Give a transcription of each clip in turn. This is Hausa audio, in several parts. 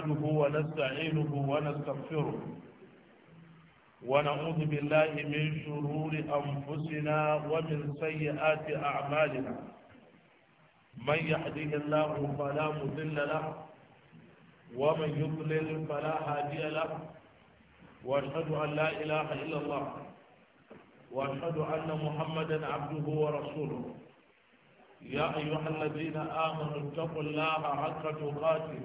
نحمده ونستعينه ونستغفره ونعوذ بالله من شرور أنفسنا ومن سيئات أعمالنا من يحديه الله فلا مضل له ومن يضلل فلا هادي له واشهد أن لا إله إلا الله واشهد أن محمدا عبده ورسوله يا أيها الذين آمنوا اتقوا الله حق تقاته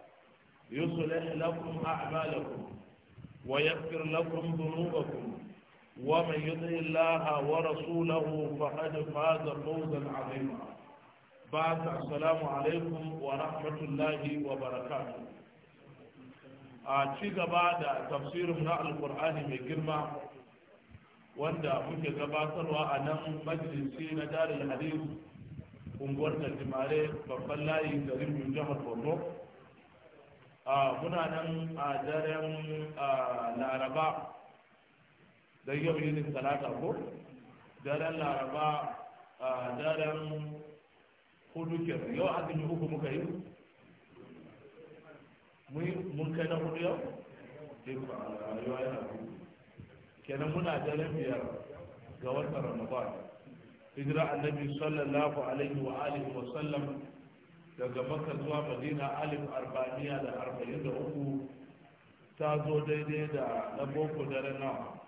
يصلح لكم أعمالكم ويغفر لكم ذنوبكم ومن يطع الله ورسوله فقد فاز فوزا عظيما بعد السلام عليكم ورحمة الله وبركاته أتيك بعد تفسير من القرآن من جرمة wanda muke gabatarwa a nan majalisi na darin hadis unguwar da jimare babban layi garin jihar borno muna nan a daren laraba da yau yinin talata ko daren laraba daren hudu kenan yau azumi uku muka yi mun kai na hudu yau kenan muna daren biyar ga wata ramadan hijira annabi sallallahu alaihi wa alihi wa sallam daga makka zuwa madina alif arba'iniya da arba'in da uku ta zo daidai da na boko dare na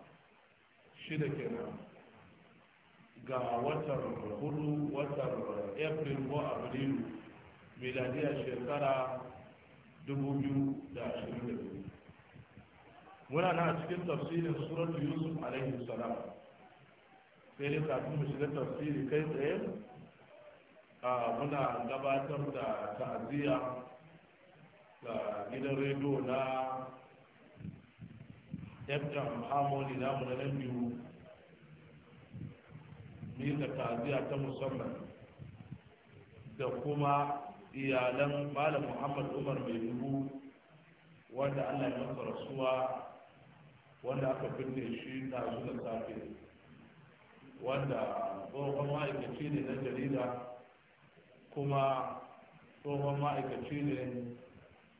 shida kenan ga watan hudu watan april ko abrilu miladiya shekara dubu biyu da ashirin da biyu muna na cikin tafsirin suratu yusuf alaihi salam sai dai kafin mu shiga tafsiri kai tsaye muna gabatar da ta'aziyya ga gidan rediyo na fm harmony mu na nan biyu ta'aziyya ta musamman da kuma iyalan malam muhammad umar mai dubu wanda allah ya masa rasuwa wanda aka binne shi na da safe wanda tsohon ma'aikaci ne na jarida kuma tsohon ma'aikaci ne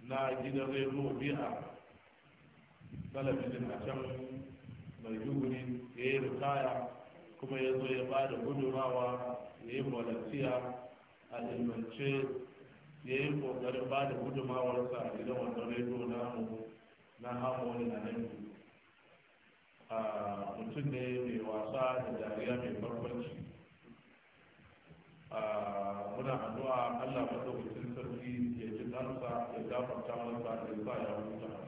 na gidan rediyo biya talabijin a can mai juguni ya yi ritaya kuma ya zo ya ba da gudunawa, ya yi volunteer a ilmance ya yi kokarin ba da gudumawarsa a gidan wannan rediyo namu na hamoni na nan ah, mutum ne mai wasa da dariya mai barkwanci Ah, muna addu'a Allah madaukakin sarki ya ji ɗansa ya gafarta masa ya sa ya huta a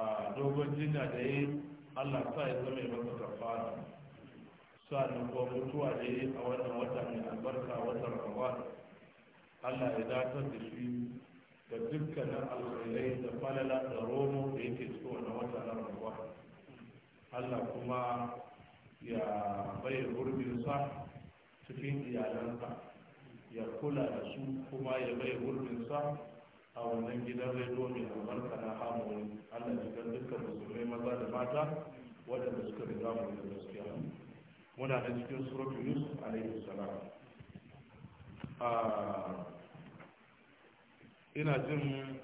ah, dogon jinya da yi Allah sa ya zama ya masa kafara sa'an ko mutuwa da yi a wannan wata mai albarka watan Ramadan Allah ya datar da shi da dukkanin alkhairai da falala da romo da yake cikin wannan wata na Ramadan Allah kuma ya bai gurbin sa cikin iyalansa ya kula da su kuma ya bai gurbinsa a wannan gidan domin mai albarka na hamoni allah jikan dukkan musulmai maza da mata waɗanda suka riga mu da gaskiya muna da cikin surutu yusuf alaihi salam ah, ina jin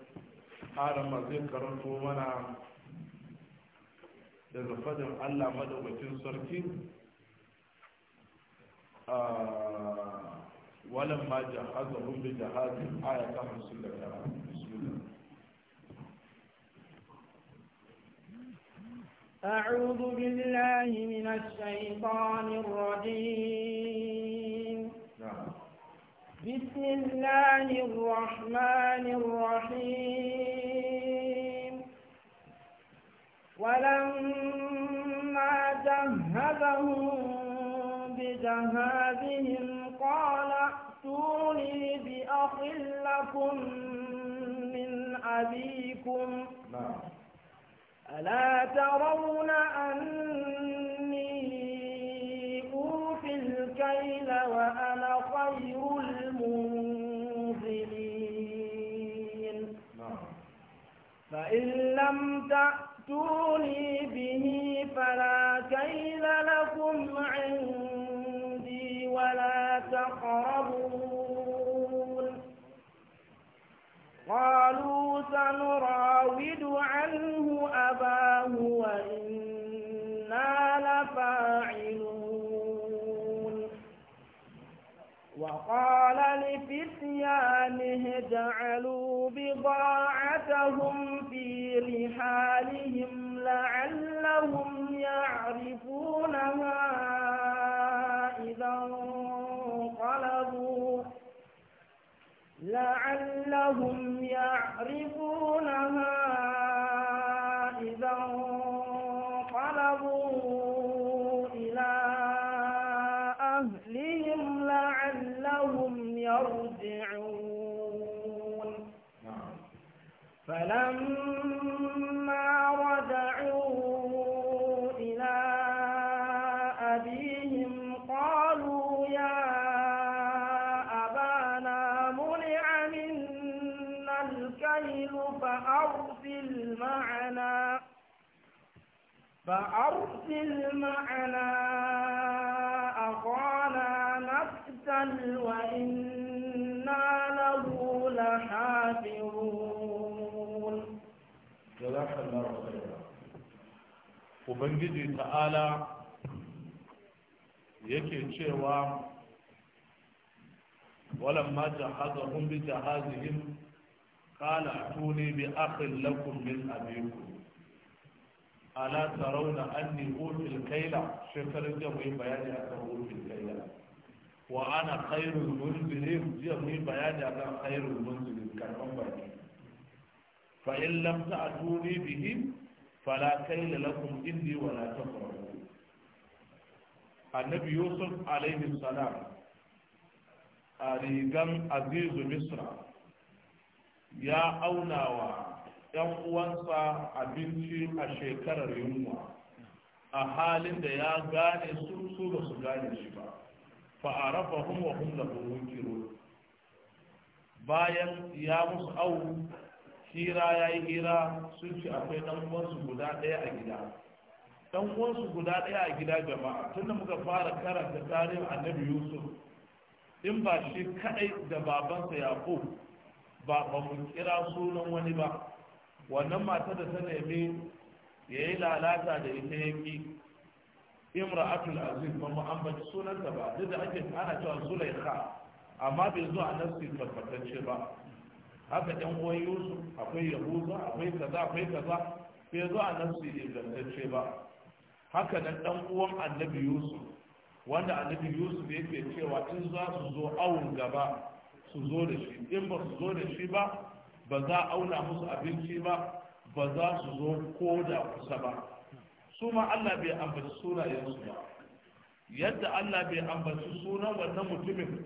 harama zai karanto mana daga fadin allah madaukakin sarki آه، ولما جهزهم بجهاز آية 53 بسم الله أعوذ بالله من الشيطان الرجيم نعم. بسم الله الرحمن الرحيم ولما جهزهم جهادهم قال ائتوني بأخ لكم من أبيكم نعم. ألا ترون أني أوفي الكيل وأنا خير المنزلين نعم. فإن لم تأتوني به فلا كيل لكم عندي تقربون قالوا سنراود عنه أباه وإنا لفاعلون وقال لفتيانه جعلوا بضاعتهم في رحالهم لعل إنهم يعرفونها إذا انقلبوا إلى أهلهم لعلهم يرجعون نعم. فلما فأرسل معنا أخانا نقتل وإنا له لحافظون جزاك الله خيرا وبنجي تعالى yake cewa walamma jahazahum bi jahazihim qala atuni bi akhin lakum ala tarauna anni utul kaila shekarun jiya muyi bayani akan utul kaila wa ana khairul munzirin jiya muyi bayani akan khairul munzirin karban baki fa in lam ta'tuni bihi fala kaila lakum indi wa la taqrabu annabi yusuf alaihi salam a rigan azizu misra ya aunawa 'yan uwansa abinci a shekarar yunwa a halin da ya gane su su ba su gane shi ba a rafa wa hun da hun bayan ya musu au hira ya yi hira sun ci akwai ɗan uwansu guda ɗaya a gida ɗan uwansu guda ɗaya a gida jama'a tun da muka fara karanta tarihin annabi yusuf in ba shi kaɗai da babansa yaƙo ba ba mu kira sunan wani ba wannan mata da ta nemi ya yi lalata da ita yanki atul aziz ba mu ambaci sunanta ba duk da ake ana cewa zulaikha amma bai zuwa nafsi tabbatacce ba haka ɗan uwan yusuf akwai yahuza akwai kaza akwai kaza bai zuwa nafsi ingantacce ba haka nan ɗan uwan annabi yusuf wanda annabi yusuf yake cewa in za su zo awun gaba su zo da shi in ba su zo da shi ba ba za a auna musu abinci ba ba za su zo ko da kusa ba su ma Allah bai ambaci sunayensu ba yadda Allah bai ambaci sunan wannan mutumin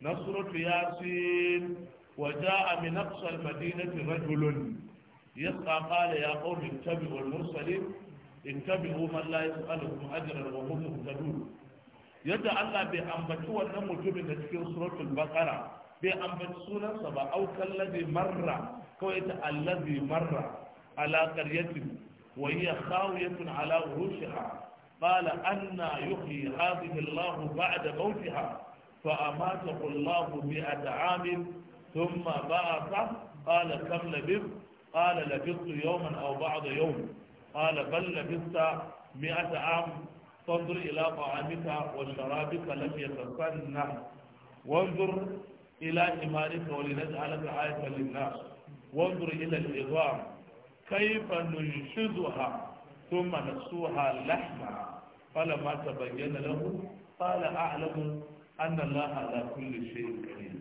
na suratu yasin wa ja'a min aqsal madinati rajulun yasqa qala ya qaumi ittabi'u al-mursalin ittabi'u man la yas'alukum ajran wa hum muhtadun yadda Allah bai ambaci wannan mutumin da cikin suratul baqara bai ambaci sunansa ba aukan lazi marra kawai ta allazi marra ala qaryatin wa hiya khawiyatun ala urushiha qala anna yuhyi hadhihi Allahu ba'da mawtiha fa amatahu Allahu mi'ata 'amin thumma ba'atha قال كم لبثت قال لبثت يوما أو بعض يوم قال بل لبثت مئة عام فانظر إلى طعامك وشرابك لم يتسنه وانظر إلى إمارك ولنجعلك آية للناس وانظر إلى العظام كيف ننشدها ثم نكسوها لحما فلما تبين له قال أعلم أن الله على كل شيء قدير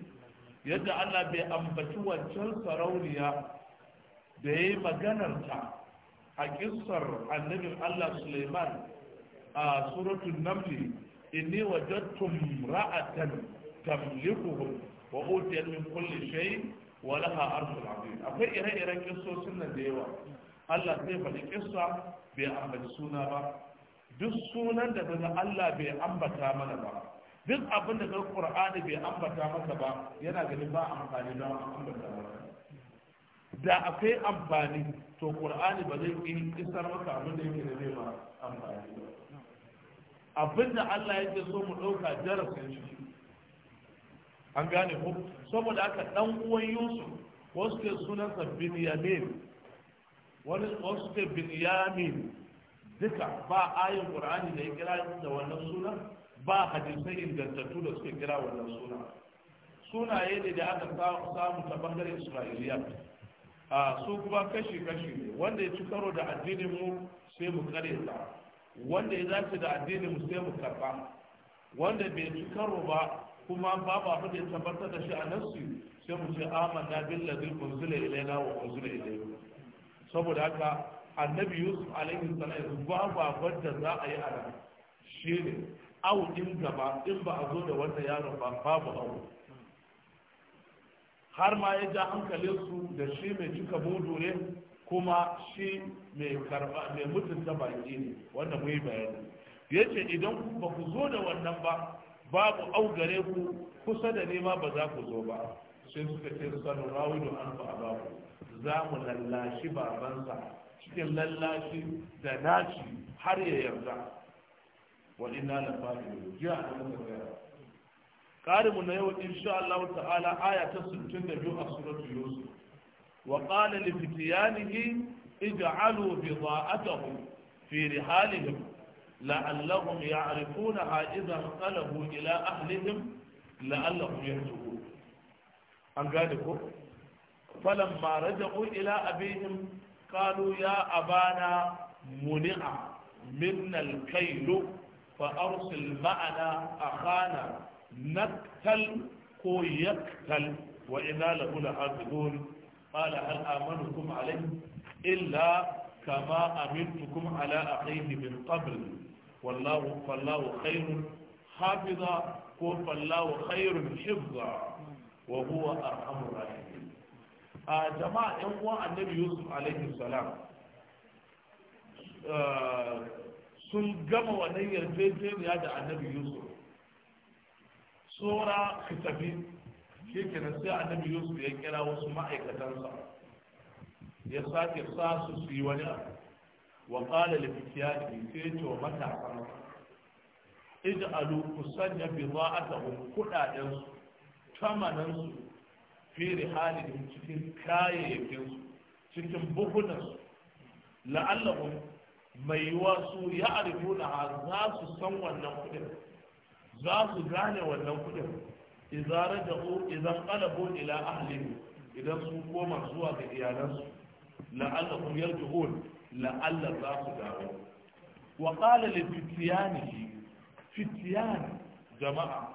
yadda Allah bai ambaci wancan sarauniya da ya yi maganarta a kissar annabin Allah Suleiman a suratun namli inni wajadtum ra'atan tamlikuhum wa utiyat min kulli shay wa laha arshul azim akwai ire-iren kissosin nan da yawa Allah sai faɗi kissa bai ambaci suna ba duk sunan da daga Allah bai ambata mana ba duk abin da daga Qur'ani bai ambata maka ba yana ganin ba amfani da ambata maka da akwai amfani to Qur'ani ba zai yi isar maka abin da yake da zai ba amfani ba abin da Allah yake so mu ɗauka darasin shi an gane ku? saboda aka dan uwan yusuf wasu ke sunansa binyamin wani wasu ke binyamin duka ba ayin qur'ani da ya kira da wannan sunan ba hadisai ingantattu da suke kira wannan sunan sunaye ne da aka samu ta bangaren isra'iliya a su kuma kashi kashi ne wanda ya ci karo da addinin mu sai mu kare ta wanda ya zafi da addinin mu sai mu karba wanda bai ci karo ba kuma babu abin da ya tabbatar da shi a nasu sai mu ce amanna billazi unzila ilaina wa unzila ilayhi saboda haka annabi yusuf alaihi salam babu abin da za a yi a nan shi ne au din gaba in ba a zo da wannan yaron ba babu au har ma ya ja hankalinsu da shi mai cika mudu ne kuma shi mai karba mai mutunta baki ne wanda mu yi bayani Yace idan ba ku zo da wannan ba babu au gare ku kusa da nema ba za ku zo ba sai suka ce sanu da an fa babu za mu lallashi babansa cikin lallashi da naci har ya yarda wa inna la fa'ilun jiya da muka tsaya قارم نيو إن شاء الله تعالى آية سنتين بيو سورة يوسف وقال لفتيانه اجعلوا بضاعتهم في رحالهم la'allahum ya'rifuna ha'iza qalahu ila ahlihim la'allahum yarji'un an gane ko falamma raja'u ila abihim qalu ya abana muni'a minna al-kaylu fa arsil ma'ana akhana naktal ko yaktal wa inna lahu lahafizun qala hal amanukum alayhi illa kama amintukum ala akhihi min qabl wallahu fallahu khairun hafiza ko fallahu khairun hifza wa huwa arhamur a jama'a yan uwan annabi yusuf alaihi salam eh, sun gama wannan yarjejeniya da annabi yusuf tsora ka tafi shi sai annabi yusuf ya kira wasu ma'aikatansa ya sake sa su su yi wani abu wa qala lil fityati sai to matasan ij'alu kusanya bida'atahum kudaden su tamanan su fi rihalihim cikin kayayyakin su cikin buhunan su la'allahum mai yiwa su ya arifuna za su san wannan kudin za su gane wannan kudin izara da idan qalabo ila idan sun koma zuwa ga iyalansu la'allahum yarji'un la'alla za su dawo wa qala li fitiyanihi fitiyan jama'a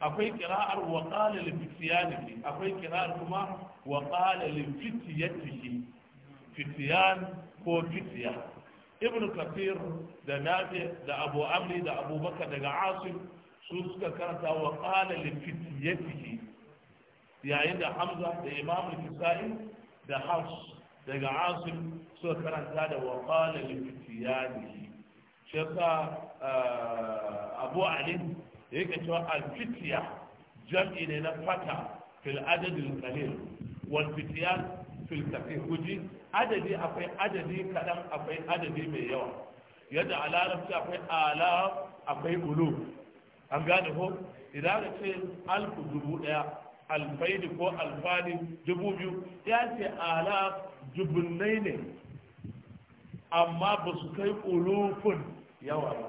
akwai kira'ar wa qala li fitiyanihi akwai kira'ar kuma wa qala li fitiyatihi fitiyan ko fitiya ibn kafir da nafi da abu amri da abubakar daga asim su suka karanta wa qala li fitiyatihi yayin da hamza da imam al-kisai da hafs daga asu suka karanta da waƙala lifitiyani shi sa eh, abu alim ya yake cewa alfitiya jam'i ne na fata fil adadin kalil wal fitiyan fil adadi akwai adadi kaɗan akwai adadi mai yawa yadda a larabci akwai ala akwai ulu an gane ko idan ka ce alfu dubu ɗaya alfaidi ko alfani dubu biyu ya ce ala dubunnai ne amma ba su kai ulufun yawa ba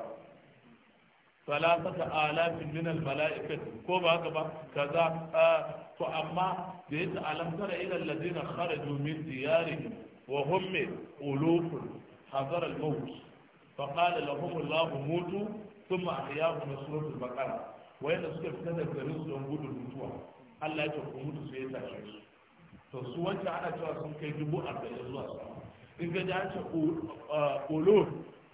salasata alafin min almala'ikat ko ba haka ba kaza to amma da yadda alam tara ila alladhina kharaju min diyarihim wa hum ulufun hazar al-maut fa qala lahum allah mutu thumma ahyahum suratul baqara wa yana suka fitar da garin su don gudun mutuwa Allah ya ce ku mutu sai ya tashe su to su wanda ana cewa sun kai dubu arba'in zuwa su in ga da ce uh, ulul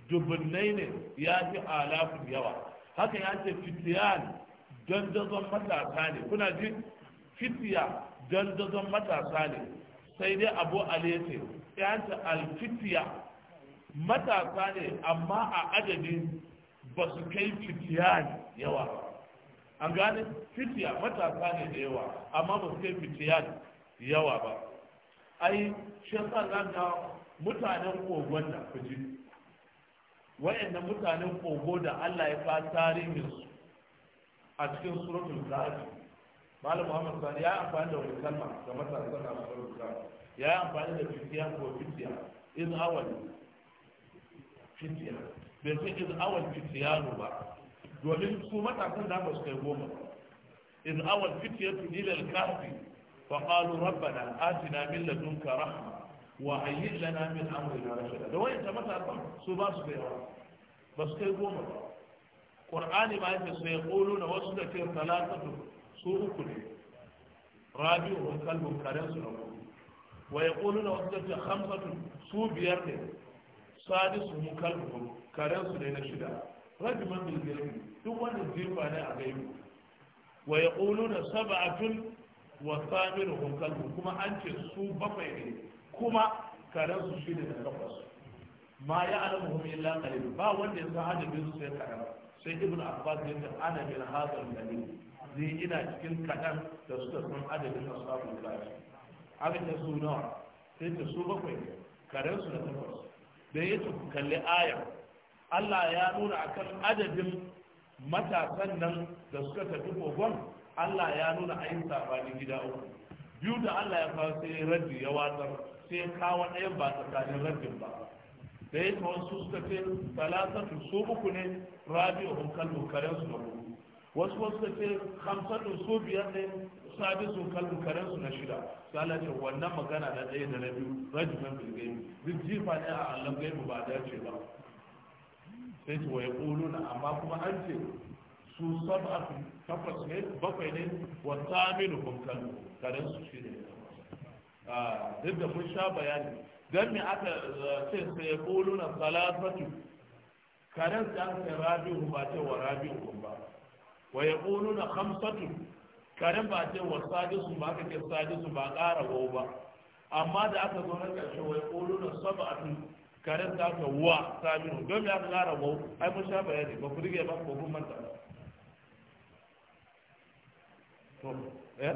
dubunnai ne ya fi alafin yawa haka ya ce fitiyan dandazon matasa ne kuna ji fitiya dandazon matasa ne sai dai abu alete ya ce alfitiya matasa ne amma a adadin ba su kai fitiyan yawa ba. an gane fitiya matasa ne da yawa amma ba su kai fitiya yawa ba ai shi yasa za ga mutanen kogon da fiji wa'annan mutanen kogo da Allah ya fa tarihin su a cikin surutun zati malam Muhammad Sani ya amfani da wani kalma ga matasa na surutun zati ya amfani da fitiya ko fitiya in awal fitiya bai sai in awal fitiya ba domin su matakan da ba su kai goma in awal fitiyatu ila al-kahfi fa qalu rabbana atina min ladunka rahma wa hayyi lana min amrina rashada da wayan matasan su ba su kai ba su kai goma ba qur'ani ma yake sai quluna wasu da ke talatatu su uku ne rabiu wa kalbu karen su na wa yaquluna wasu da ke khamsatu su biyar ne sadisu mu kalbu karen su ne na shida rajuman bil gaibi duk wannan jifa ne a gaibi wa yaquluna sab'atun wa samiruhum kalbu kuma an ce su bakwai ne kuma karan su shi da takwas ma ya alamuhum illa qalil ba wanda ya san adabin su sai karan sai ibnu abbas ya ce ana min hadal qalil zai ina cikin kadan da suka san adabin ashabul kahfi aka ce su nawa sai ta su bakwai ne karan da takwas da yake kalli ayar Allah ya nuna akan adadin matasan nan da suka tafi kogon Allah ya nuna a yin sabanin gida uku biyu da Allah ya kawo sai raddi ya watsar sai kawo ɗayan ba tsakanin raddin ba da ya kawo su suka ce talatatu su uku ne rabi'u hun kallu karen su hudu, wasu wasu suka ce hamsatu su biyar ne sadisu kallu karen su na shida sala ce wannan magana na ɗaya da na biyu rajin bilgaimu duk jifa ne a allon gaimu ba dace ba sai ce wa ƙulu na amma kuma an ce su saba kafas ne bakwai ne wa saminu kun karen su shi ne ah, duk da mun sha bayani don me aka eh, ce sai ya na salatatu karen su an sai rabi'u ba ce wa rabi'u ba wa ya na hamsatu karen ba ce wa sadisu ba ka ce sadisu ba ƙara ba amma da aka zo na ƙarshe wa ƙulu na saba'atu karen ta aka wa saminu don ya kara wau ai mun sha bayani ba ku rige ba ko kun manta to eh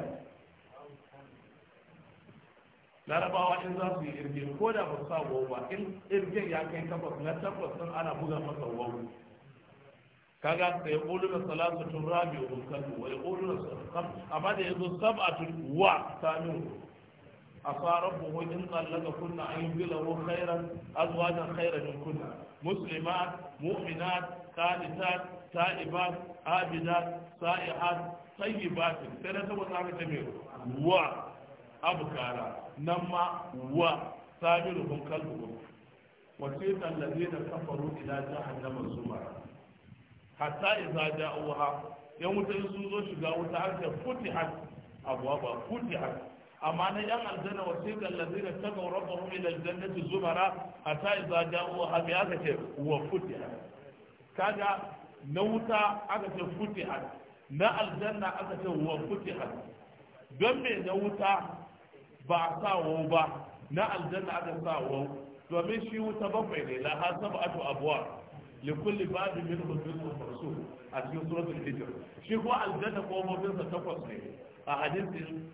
larabawa in za su yi irgin ko da ba su sa wau ba in irgin ya kai takwas na takwas sun ana buga masa wau kaga sai na salatu rabi'u rabi wa na sab'a amma da a tun wa saminu a fara buhu in tsallaka kunna an yi bila wa khairar azwajan khairarin kunna muslimat mu'minat salisat sa'ibat abidat sa'ihat tayyibat sai da saboda aka ce mai wa abukara nan ma wa sami rubun kalbu wa ce tallabe da kafaru ila jahannama zuma hatta iza ja'uha yan wuta sun zo shiga wuta har ta futi har abuwa ba futi amma na yan aljanna wasiqa allazina tagaw rabbahum ila aljannati zumara hatta idza ja'u bi aka ce wa futiha kaga na wuta aka ce futiha na aljanna aka ce wa futiha don me na wuta ba a sa wa ba na aljanna aka sa wa domin shi wuta bakwai ne la hasabatu abwab likulli babin minhum juz'un maqsum a cikin suratul hijr shi ko aljanna ko mabinsa takwas ne a hadisin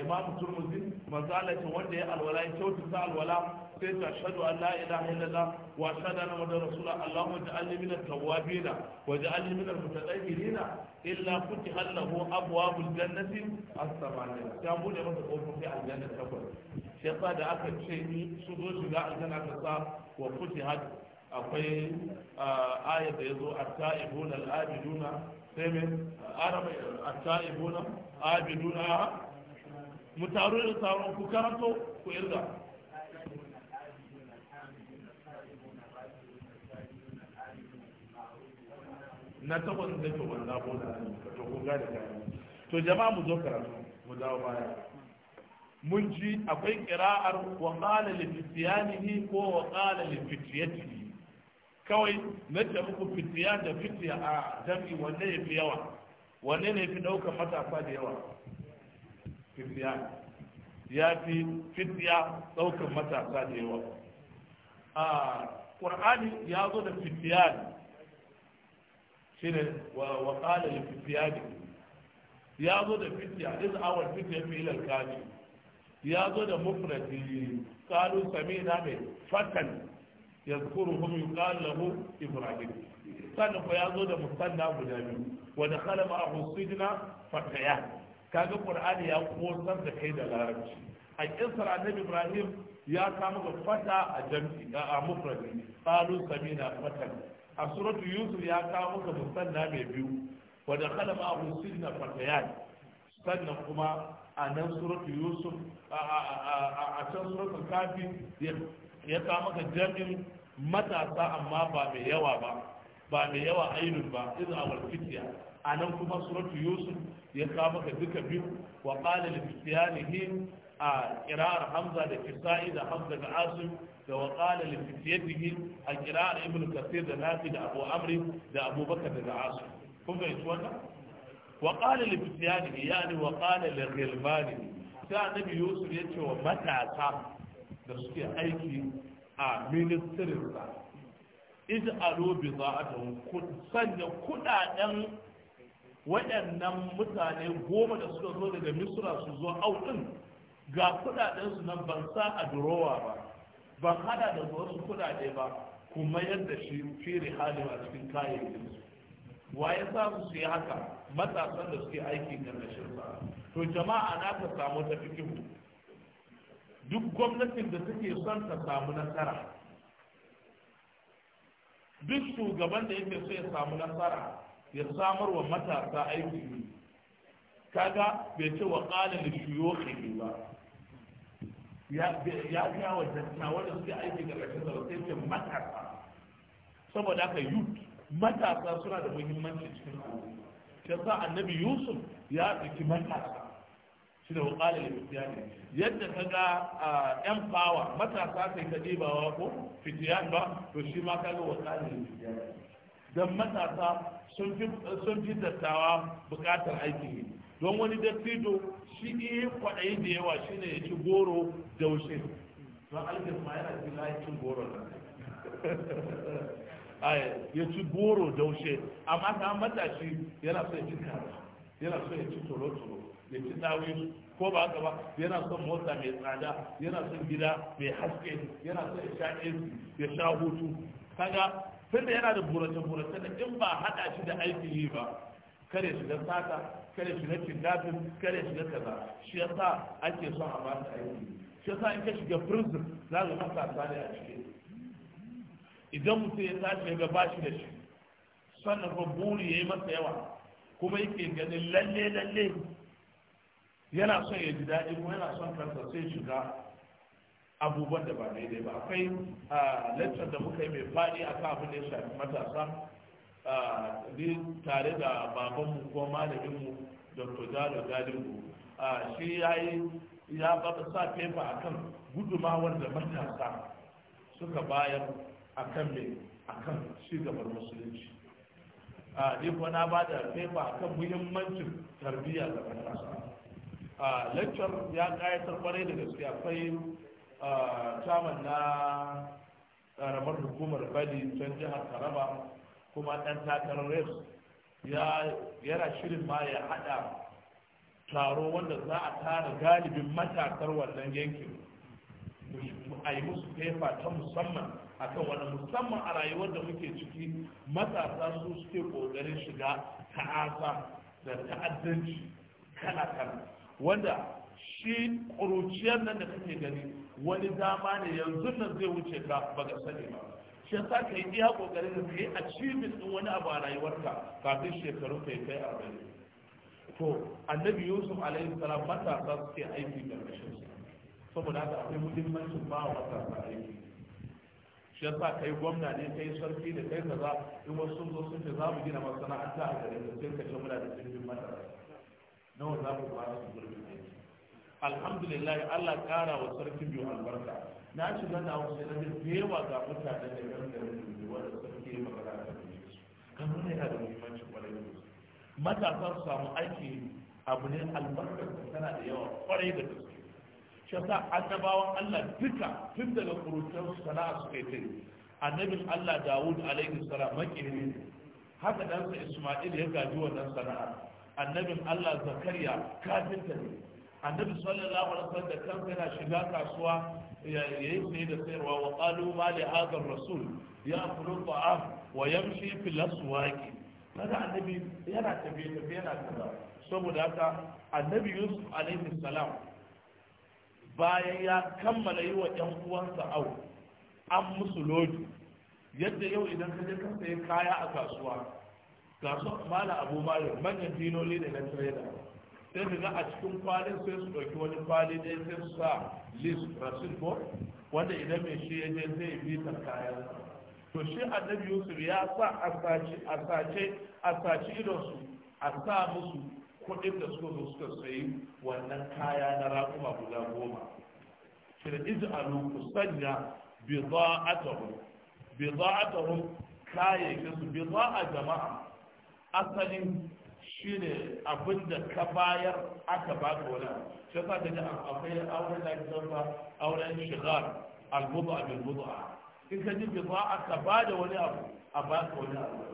imamu turmuzi mazalacin wanda ya alwala ya kyautata alwala sai ta shaɗu an la ilaha illallah wa shaɗa na wadda rasula Allah wa ja'alni min at-tawwabina wa ja'alni min al-mutatahhirina illa futiha lahu abuwa jannati as-samaniya ya bude masa kofofin aljanna takwas sai da aka ce su zo shiga aljanna ta sa wa futiha akwai Aya da ya zo atta'ibuna al'abiduna sai mai araba atta'ibuna abiduna mu taru da taron ku karanto ku irga na takwas da ke wanda ko da to ku gane gane to jama'a mu zo karatu mu dawo baya mun ji akwai kira'ar wa qala li fityanihi ko wa qala li fityatihi kawai na ce muku fitiya da fitiya a jami wanne ya fi yawa wanne ne fi ɗaukar matasa da yawa fitiya ya fi fitiya ɗaukar matasa da yawa a ƙur'ani ya zo da fitiya shi ne wa ƙala ya fitiya ne ya zo da fitiya is awal fitiya fi ilal kaji ya zo da mufrati kalu sami na mai fatan يذكرهم يقال له Ibrahim, sannan ko ya zo da musanna guda biyu Wani da khala ma ahu sijna fataya kaga qur'ani ya kosar da kai da larabci a kisar annabi ibrahim ya samu da fata a jam'i a mufradi qalu samina fatan a suratu yusuf ya kawo da musanna mai biyu Wani da khala ma ahu sijna fatayan sannan kuma a nan suratu yusuf a can suratu kafi ya sa maka jami'in matasa amma ba mai yawa ba ba mai yawa ainun ba izu awal fitiya a nan kuma suratu yusuf ya sa maka duka biyu wa qala lil fityanihi a kirar hamza da kisa'i da hamza da asim da wa qala lil fityatihi a kirar ibnu kasir da nafi da abu amri da abubakar da asim kun ga ita wannan wa qala lil fityanihi yani wa qala lil ghilmani sai annabi yusuf ya ce wa matasa da suke aiki a ministirinsa ij'alu za a da sanya kudaden waɗannan mutane goma da suka zo daga misra su zo auɗin ga kudaden su nan ban sa a durowa ba ban hada da wasu kudade ba kuma yadda shi fere halin a cikin kayayyakin su ya sa su su yi haka matasan da suke aiki ƙarƙashin sa to jama'a na ka samu ta fikihu duk gwamnatin da take son ta samu nasara duk shugaban da yake so ya samu nasara ya samar wa matasa aiki ne kaga bai ce wa kala da shuyoki ba ya ya wa dattawa da suke aiki ga ƙarshen da sai ce matasa saboda haka yi matasa suna da muhimmanci cikin al'umma shi annabi yusuf ya tsaki matasa shine wakala da fitiyani yadda ka ga yan fawa matasa sai ka wa ko fitiyan ba to shi ma ka ga wakala da fitiyani don matasa sun fi dattawa buƙatar aikin yi don wani dattijo shi ne kwaɗayi da yawa shi ne ya ci goro daushe don alkin ma yana ci layi cin goro na ya ci goro daushe amma ta matashi yana so ya ci yana so ya ci tsoro tsoro ya ci nawi ko ba haka ba yana son mota mai tsada yana son gida mai haske yana son ya sha AC ya sha hutu kaga tunda yana da burace burace da in ba haɗa shi da aiki yi ba kare shi da sata kare shi na kidnapping kare shi da kaza shi sa ake son a ba aiki shi sa in ka shiga prison za ka matasa ne a cikin idan mutum ya tashi ya ga bashi da shi sannan ko buri ya yi masa yawa kuma yake ganin lalle lalle yana son ya ji daɗi kuma yana son kansa sai shiga abubuwan da ba daidai ba akwai lecture da muka yi mai faɗi a kan abin da ya shafi matasa ni tare da babanmu ko malaminmu dr jalo a shi ya yi ya sa fefa a kan gudumawar da matasa suka bayar a kan mai a kan shigabar musulunci a ni ko na ba da fefa kan muhimmancin tarbiyya da matasa a lecture ya kayatar kwarai da gaske akwai chairman na ramar hukumar bali can jihar taraba kuma dan takarar res ya yana shirin ma ya hada taro wanda za a tara galibin matakar wannan yankin a yi musu fefa ta musamman a kan wani musamman a rayuwar da muke ciki matasa su suke ƙoƙarin shiga ta'asa da ta'addanci kala kala wanda shi ƙuruciyar nan da kake gani wani dama ne yanzu nan zai wuce ka baga sani ba shi yasa ka yi iya ƙoƙarin da ka yi cibin ɗin wani abu a rayuwarka kafin shekaru kai kai arba'in to annabi yusuf alaihi salam matasa suke aiki ƙarƙashin saboda haka akwai muhimmancin ba wa matasa aiki shi yasa kai gwamna ne kai sarki da kai kaza in wasu sun zo sun ce za mu gina masana'anta a garin sai ka ce muna da jirgin matasa nawa za ku ba su gurbin aiki alhamdulillah Allah kara wa sarkin biyu albarka na shiga na wasu da da yawa ga mutanen da yan garin da wanda sarki ya magana da su kamar ne yana da muhimmancin kwarai da matasa su samu aiki abu ne albarkar tana da yawa kwarai da gaske shi annabawan Allah duka tun daga kuruciyar sana'a su kai tare annabin Allah Dawud alaihi salam makiri haka ɗansa Ismail ya gaji wannan sana'a annabin Allah Zakariya kafinta ne annabi sallallahu alaihi wasallam da kansa yana shiga kasuwa yayin sai da sayarwa wa qalu ma li hadha ar-rasul ya'kulu ta'am wa yamshi fil aswaqi kaga annabi yana tafiye tafiye yana kaza saboda haka annabi Yusuf alaihi salam bayan ya kammala yi wa ‘yan uwansa au an musu lodi yadda yau idan ka je kan sayi kaya a kasuwa kasuwa mala abu malam manyan dinoli da na trader sai ka ga a cikin kwalin sai su ɗauki wani kwali ɗaya sai su sa lis rasul ko wanda idan mai shi ya je zai bi ta kayan to shi annabi yusuf ya sa a sace a sace idonsu a sa musu kuɗin da suka zo suka sayi wannan kaya na raƙuma guda goma shine a nuku sanya bida'atuhum bida'atuhum kayayyakin su bida'a jama'a asalin shine abin da ka bayar aka ba baka wani shi yasa kaji akwai auren da ake zama auren shigar al-mud'a bil mud'a in ka ji bida'a ka da wani abu a ba ka wani abu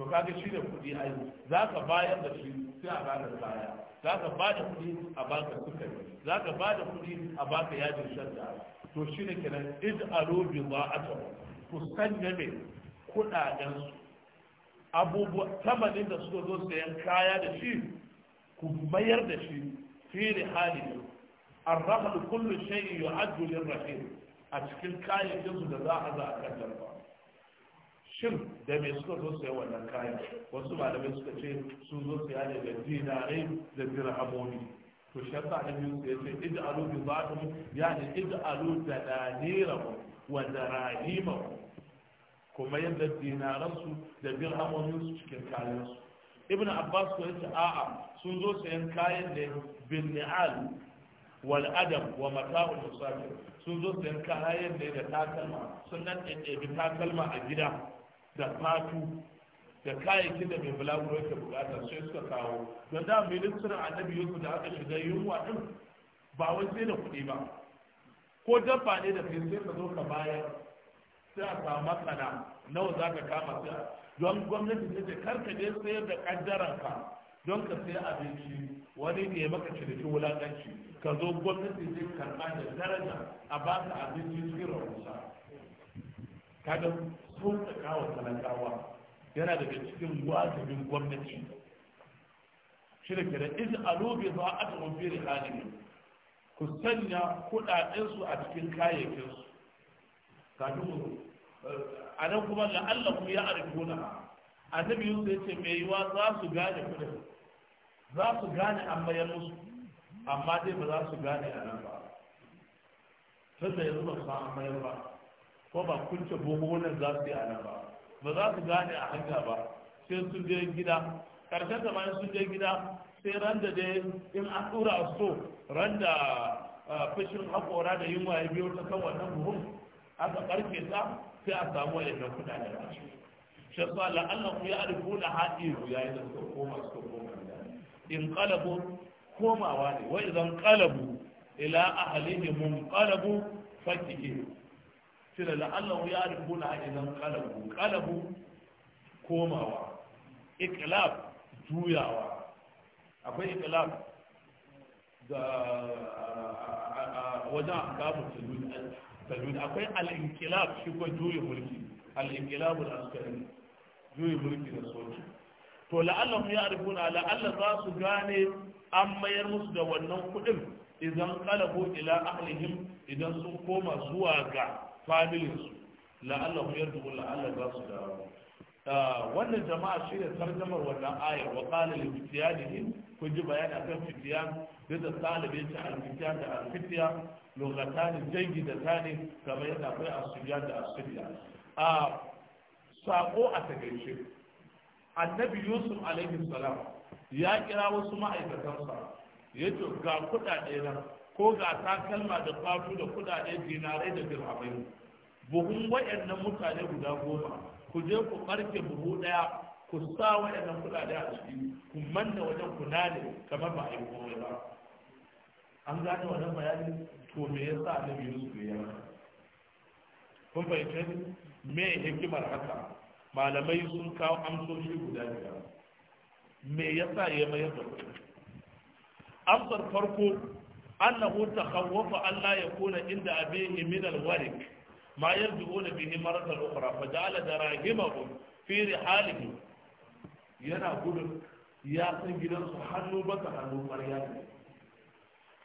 to kaga shi da kuɗi ai za ka bayar da shi sai a da baya za ka ba da kuɗi a baka sukari za ka ba da kuɗi a baka yajin shadda to shi ne kenan id aro bi ba'ata ku sanya me kuɗaɗen su abubuwa tamanin da suka zo sayan kaya da shi ku mayar da shi fi rihali الرحل كل شيء يعد للرحيل a cikin kayan da za a za a kan jarfa shin da me suka zo sayan wannan kayan wasu malamai suka ce su zo saya ne da dinarai da dirhamoni to shakka da biyu ya ce ij'alu bi zatum yani da dananirakum wa darahimakum kuma yadda dinaransu da dirhamoninsu cikin kayansu ibn abbas ko yace a'a sun zo sayan kayan ne bin ni'al wal adam wa mata'ul musafir sun zo sayan kayan ne da takalma sun nan ɗaiɗaiɗi takalma a gida da fatu da kayayyakin da mai bulaguro yake bukata sai suka kawo don da ministan annabi yusuf da aka shiga yunwa din ba wai sai da kuɗi ba ko dabba ne da kai sai ka zo ka bayar sai a samu matsala nawa za ka kama sai don gwamnati ta ce karka je sayar da kaddaranka don ka sai abinci wani ne maka ciniki wulaƙanci ka zo gwamnati zai karɓa da daraja a ba ka abinci cikin rahusa sauƙaƙa wa talakawa yana daga cikin wajibin gwamnati shi da kira iz alubi ba a ta mafi rihalin ku sanya kuɗaɗensu a cikin kayayyakinsu mu eh, a nan kuma allah ku ya arifuna annabi yin ya ce mai yiwa za su gane kuɗin za su gane an bayan musu amma dai ba za su gane a nan ba da yanzu ba su an mayar ba ko ba kunce buhunan za su yi ana ba ba za su gane a hanya ba sai sun je gida karshe da sun je gida sai ran da dai in an dura so ran da fashin haƙora da yunwa ya biyo ta kan wannan buhun aka barke ta sai a samu wa waɗannan da ba shi yasa la'allan ku ya arifu na haɗi ya yi da suka koma suka koma gida in kalabu komawa ne wa idan kalabu ila ahalihim mun kalabu fakihi tira la'allahu ya rubuna a idan kalabu kalabu komawa ikilaf juyawa akwai ikilaf da wajen akamu talud akwai al'inkilaf shi ko juyi mulki al-inqilab askari juyi mulki da soji to la'allahu ya rubuna la'alla za su gane an mayar musu da wannan kuɗin, idan kalabu ila ahlihim idan sun koma zuwa ga familinsu la'allahu yarjuhu la'allahu za su dawo ah, wannan jama'a shi ne tarjamar wannan ayar wa qala lil fityanihim ku ji bayani akan fityan da talibin ta al da alfitiya fitya lugatan jangi da tani kamar yadda akwai asbiyan da asbiya ah, a sako a tagaice annabi yusuf alaihi salam ya kira wasu ma'aikatansa ce ga kuɗaɗe nan ko ga takalma da fatu da kudade dinarai da dirhamai buhun wayannan mutane guda goma ku je ku barke buhu daya ku sa wayannan kudade a ciki ku manna wajen ku nade kamar ba a yi komai ba an gane wannan bayani to me yasa annabi Yusuf ya yi kun fahimta me hikimar haka malamai sun kawo amsoshi guda biyar me yasa ya mayar da amsar farko annahu takhawwafa an la yakuna inda abihi min al-warik ma yarjuuna bihi maratan ukhra fa ja'ala darahimahu fi rihalihi yana gudun ya san gidan su hannu baka hannu ƙarya ne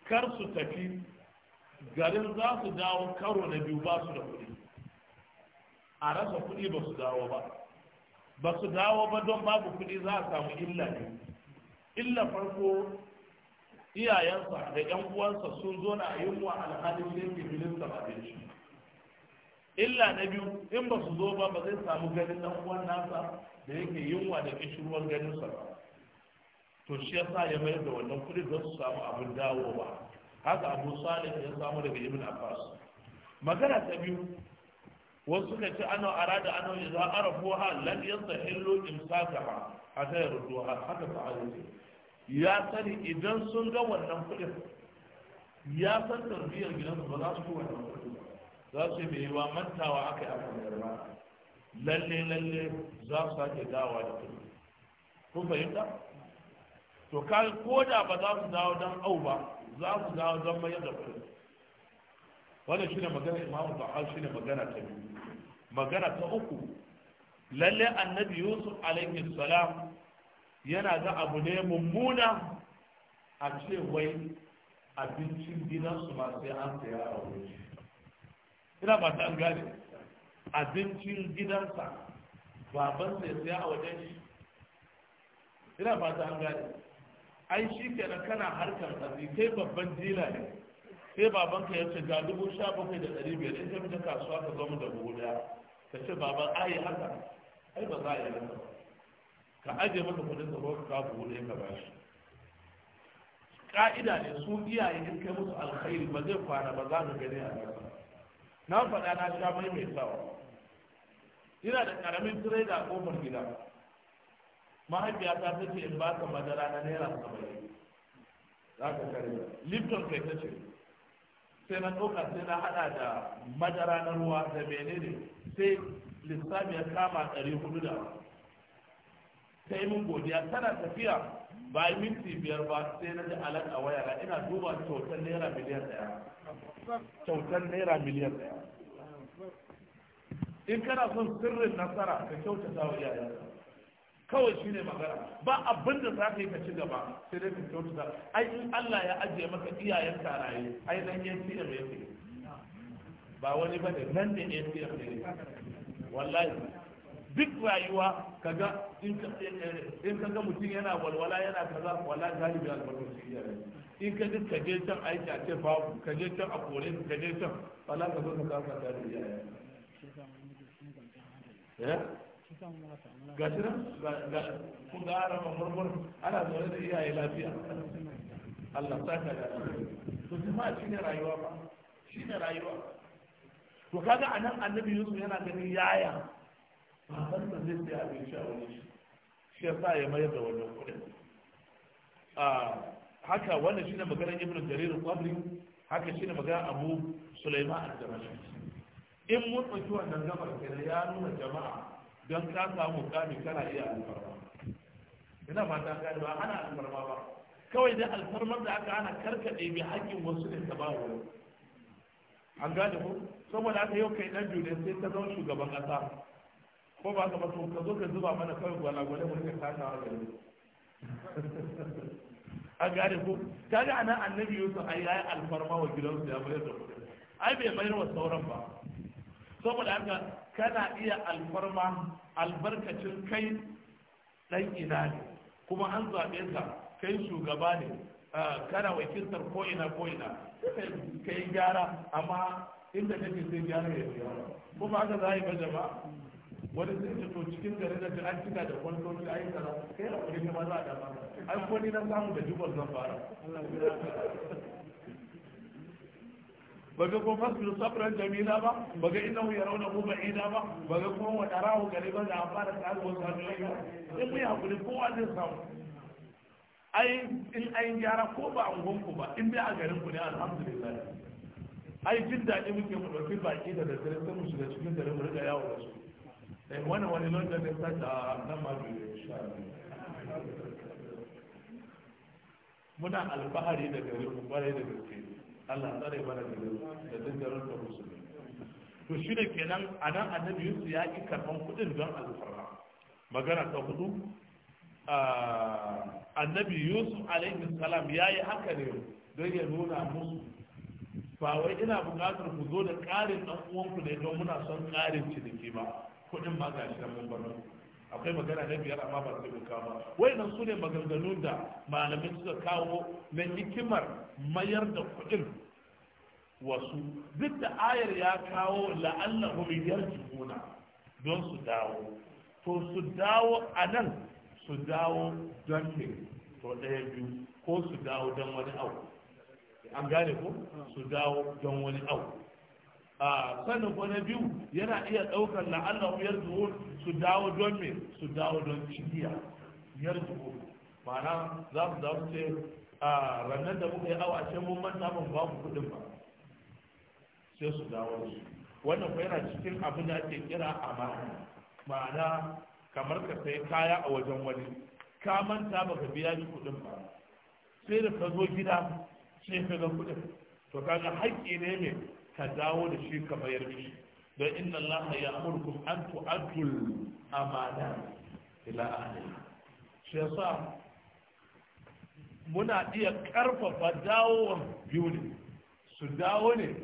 kar su tafi garin za su dawo karo na biyu ba su da kuɗi a rasa kuɗi ba su dawo ba ba su dawo ba don babu kuɗi za a samu illa ne illa farko iyayensa da yan uwansa sun zo na yunwa alhalin sun filin da abinci illa na biyu in ba su zo ba ba zai samu ganin ɗan uwan nasa da yake yunwa da kishirwar ganin sa ba to shi yasa ya mayar da wannan kuɗi don su samu abin dawo ba, haka abu salih ya samu daga ibn abbas magana ta biyu wasu suka ci ana arada ana idza arafu ha ba a ta yi rudu haka ta'ala ya sani idan sun ga wannan kudin ya san tarbiyyar gidansu ba za su yi wannan kuɗin za su yi mai wa mantawa aka yi aka yarda lalle lalle za su sake dawa da kuɗi kun fahimta to kai ko da ba za su dawo don au ba za su dawo don mayar da kuɗi wannan shine magana imamu har shine magana ta biyu magana ta uku lalle annabi yusuf alaihi salam yana ga abu ne mummuna a ce wai abincin gidansu ba sai an saya a wuri ina ba ta an gane abincin gidansa baban sai saya a wajen shi ina ba ta an gane ai shi da kana harkar tsari kai babban jila ne sai babanka ya ce ga dubu sha bakwai da ɗari biyar in ka fita kasuwa ka zama da buhu daya ka ce baban ai haka ai ba za a yi haka ba ka aje masa kudin ruwan ka buhu ya ka bashi ka'ida ne su iyaye in kai musu alkhairi ba zai fara ba za mu gani a ƙasa na faɗa na sha mai mai sawa ina da ƙaramin tirai a ƙofar gida mahaifiyata ta ce in ba ka madara na naira saba'in za ka kare lipton kai ta ce sai na ɗauka sai na haɗa da madara na ruwa da menene sai lissafi ya kama ɗari hudu da ta yi min godiya tana tafiya ba minti biyar ba sai na ji alat a wayara ina duba kyautar naira miliyan daya kyautar naira miliyan daya in kana son sirrin nasara ka ta wa kawai shine magana ba abin da za ka yi ka ci gaba sai dai ka kyautata ai in Allah ya ajiye maka iyayen taraye ai nan yan tiya mai ba wani ba da nan ne yan tiya mai wallahi duk rayuwa kaga in kaga eh, mutum yana walwala yana kaza wala galibi albarkacin iyaye in ka duk ka can aiki a ce babu kaje can a kore ka kaje can wala ka zo ka kasa ta da Ya eh? ga shi ga kun ga ara mamurmur ana zaune da iyaye lafiya Allah ta ka da to shi shine rayuwa ba ne rayuwa to kaga anan annabi Yusuf yana ganin yaya baban da zai siya abinci a wani shi shi ya sa ya mayar da wannan kuɗin haka wannan shine maganar ibn jarir al-qabri haka shi ne maganar abu sulaiman al-damashi in mun ɗauki wannan gabar da ya nuna jama'a don ka samu kami kana iya alfarma ina ta gani ba ana alfarma ba kawai dai alfarmar da aka ana karkaɗe bi haƙƙin wasu ne ta ba wa an gane ku saboda aka yau kai ɗan biyu ne sai ta zama shugaban ƙasa ko ba ka masu ka zo ka zuba mana kawai gwalagwale mu rika tashawa a ni an gane ko kaga anan annabi yusuf ai yayi alfarma wa gidansu ya bayar da kuɗi ai bai bayar wa sauran ba saboda haka kana iya alfarma albarkacin kai dan ina ne kuma an zaɓe ka kai shugaba ne kana wakiltar ko ina ko ina kai gyara amma inda kake sai gyara ya gyara kuma haka za a yi ba jama'a wani sun ce to cikin garin da an cika da kwantoci a yi tsara kai da kuri ma za a dama An ko ni na samu da jubal zan fara ba ga kuma fasbiru sabran jamila ba ba ga innahu yarawna mu ba'ida ba ba ga kuma wadarahu gariban da an fara tsari wasu hanyoyi ba in mu yi hakuri kowa zai samu ai in ai gyara ko ba an gonku ba in bai a garin ku ne alhamdulillah ai jin daɗi muke mu ɗauki baki da daddare sai mu shiga cikin garin mu riga yawo da su da eh, wani wani lokacin sata ah, na mabiyu sha muna alfahari da gari mu kwarai da gaske Allah tsare mana da gari da dindaren da musulmi to shi da kenan a nan annabi Yusuf ya ki karban kudin don alfarma magana ta hudu ah, annabi Yusuf alaihi salam ya yi haka ne don ya nuna musu ba wai ina buƙatar ku zo da ƙarin ɗan uwanku ne don muna son ƙarin ciniki ba kudin ba gashi nan akwai magana na biyar amma ba sai ba Wai nan su ne maganganu da malamin suka kawo na hikimar mayar da kuɗin wasu duk da ayar ya kawo la'allahu yarjuna don su dawo to su dawo a nan su dawo don ne to ɗaya biyu ko su dawo don wani abu an gane ko su dawo don wani abu a sanin ko na biyu yana iya ɗaukar wuyar zuwa su dawo don me su dawo don yar yarzuhun ma'ana za mu dawo ce a ranar da muka yi awa ce mun manta mun ba mu kuɗin ba sai su dawo su wannan ko yana cikin abin da ake kira amana ma'ana kamar ka sai kaya a wajen wani ka manta baka biya ni kuɗin ba sai da ka zo gida sai ka ga kuɗin to kaga haƙƙi ne me. ka dawo da shi ka bayar mishi don inna Allah ya amurku an tu'addul amana ila ahli shi yasa muna iya karfafa dawowar biyu ne su dawo ne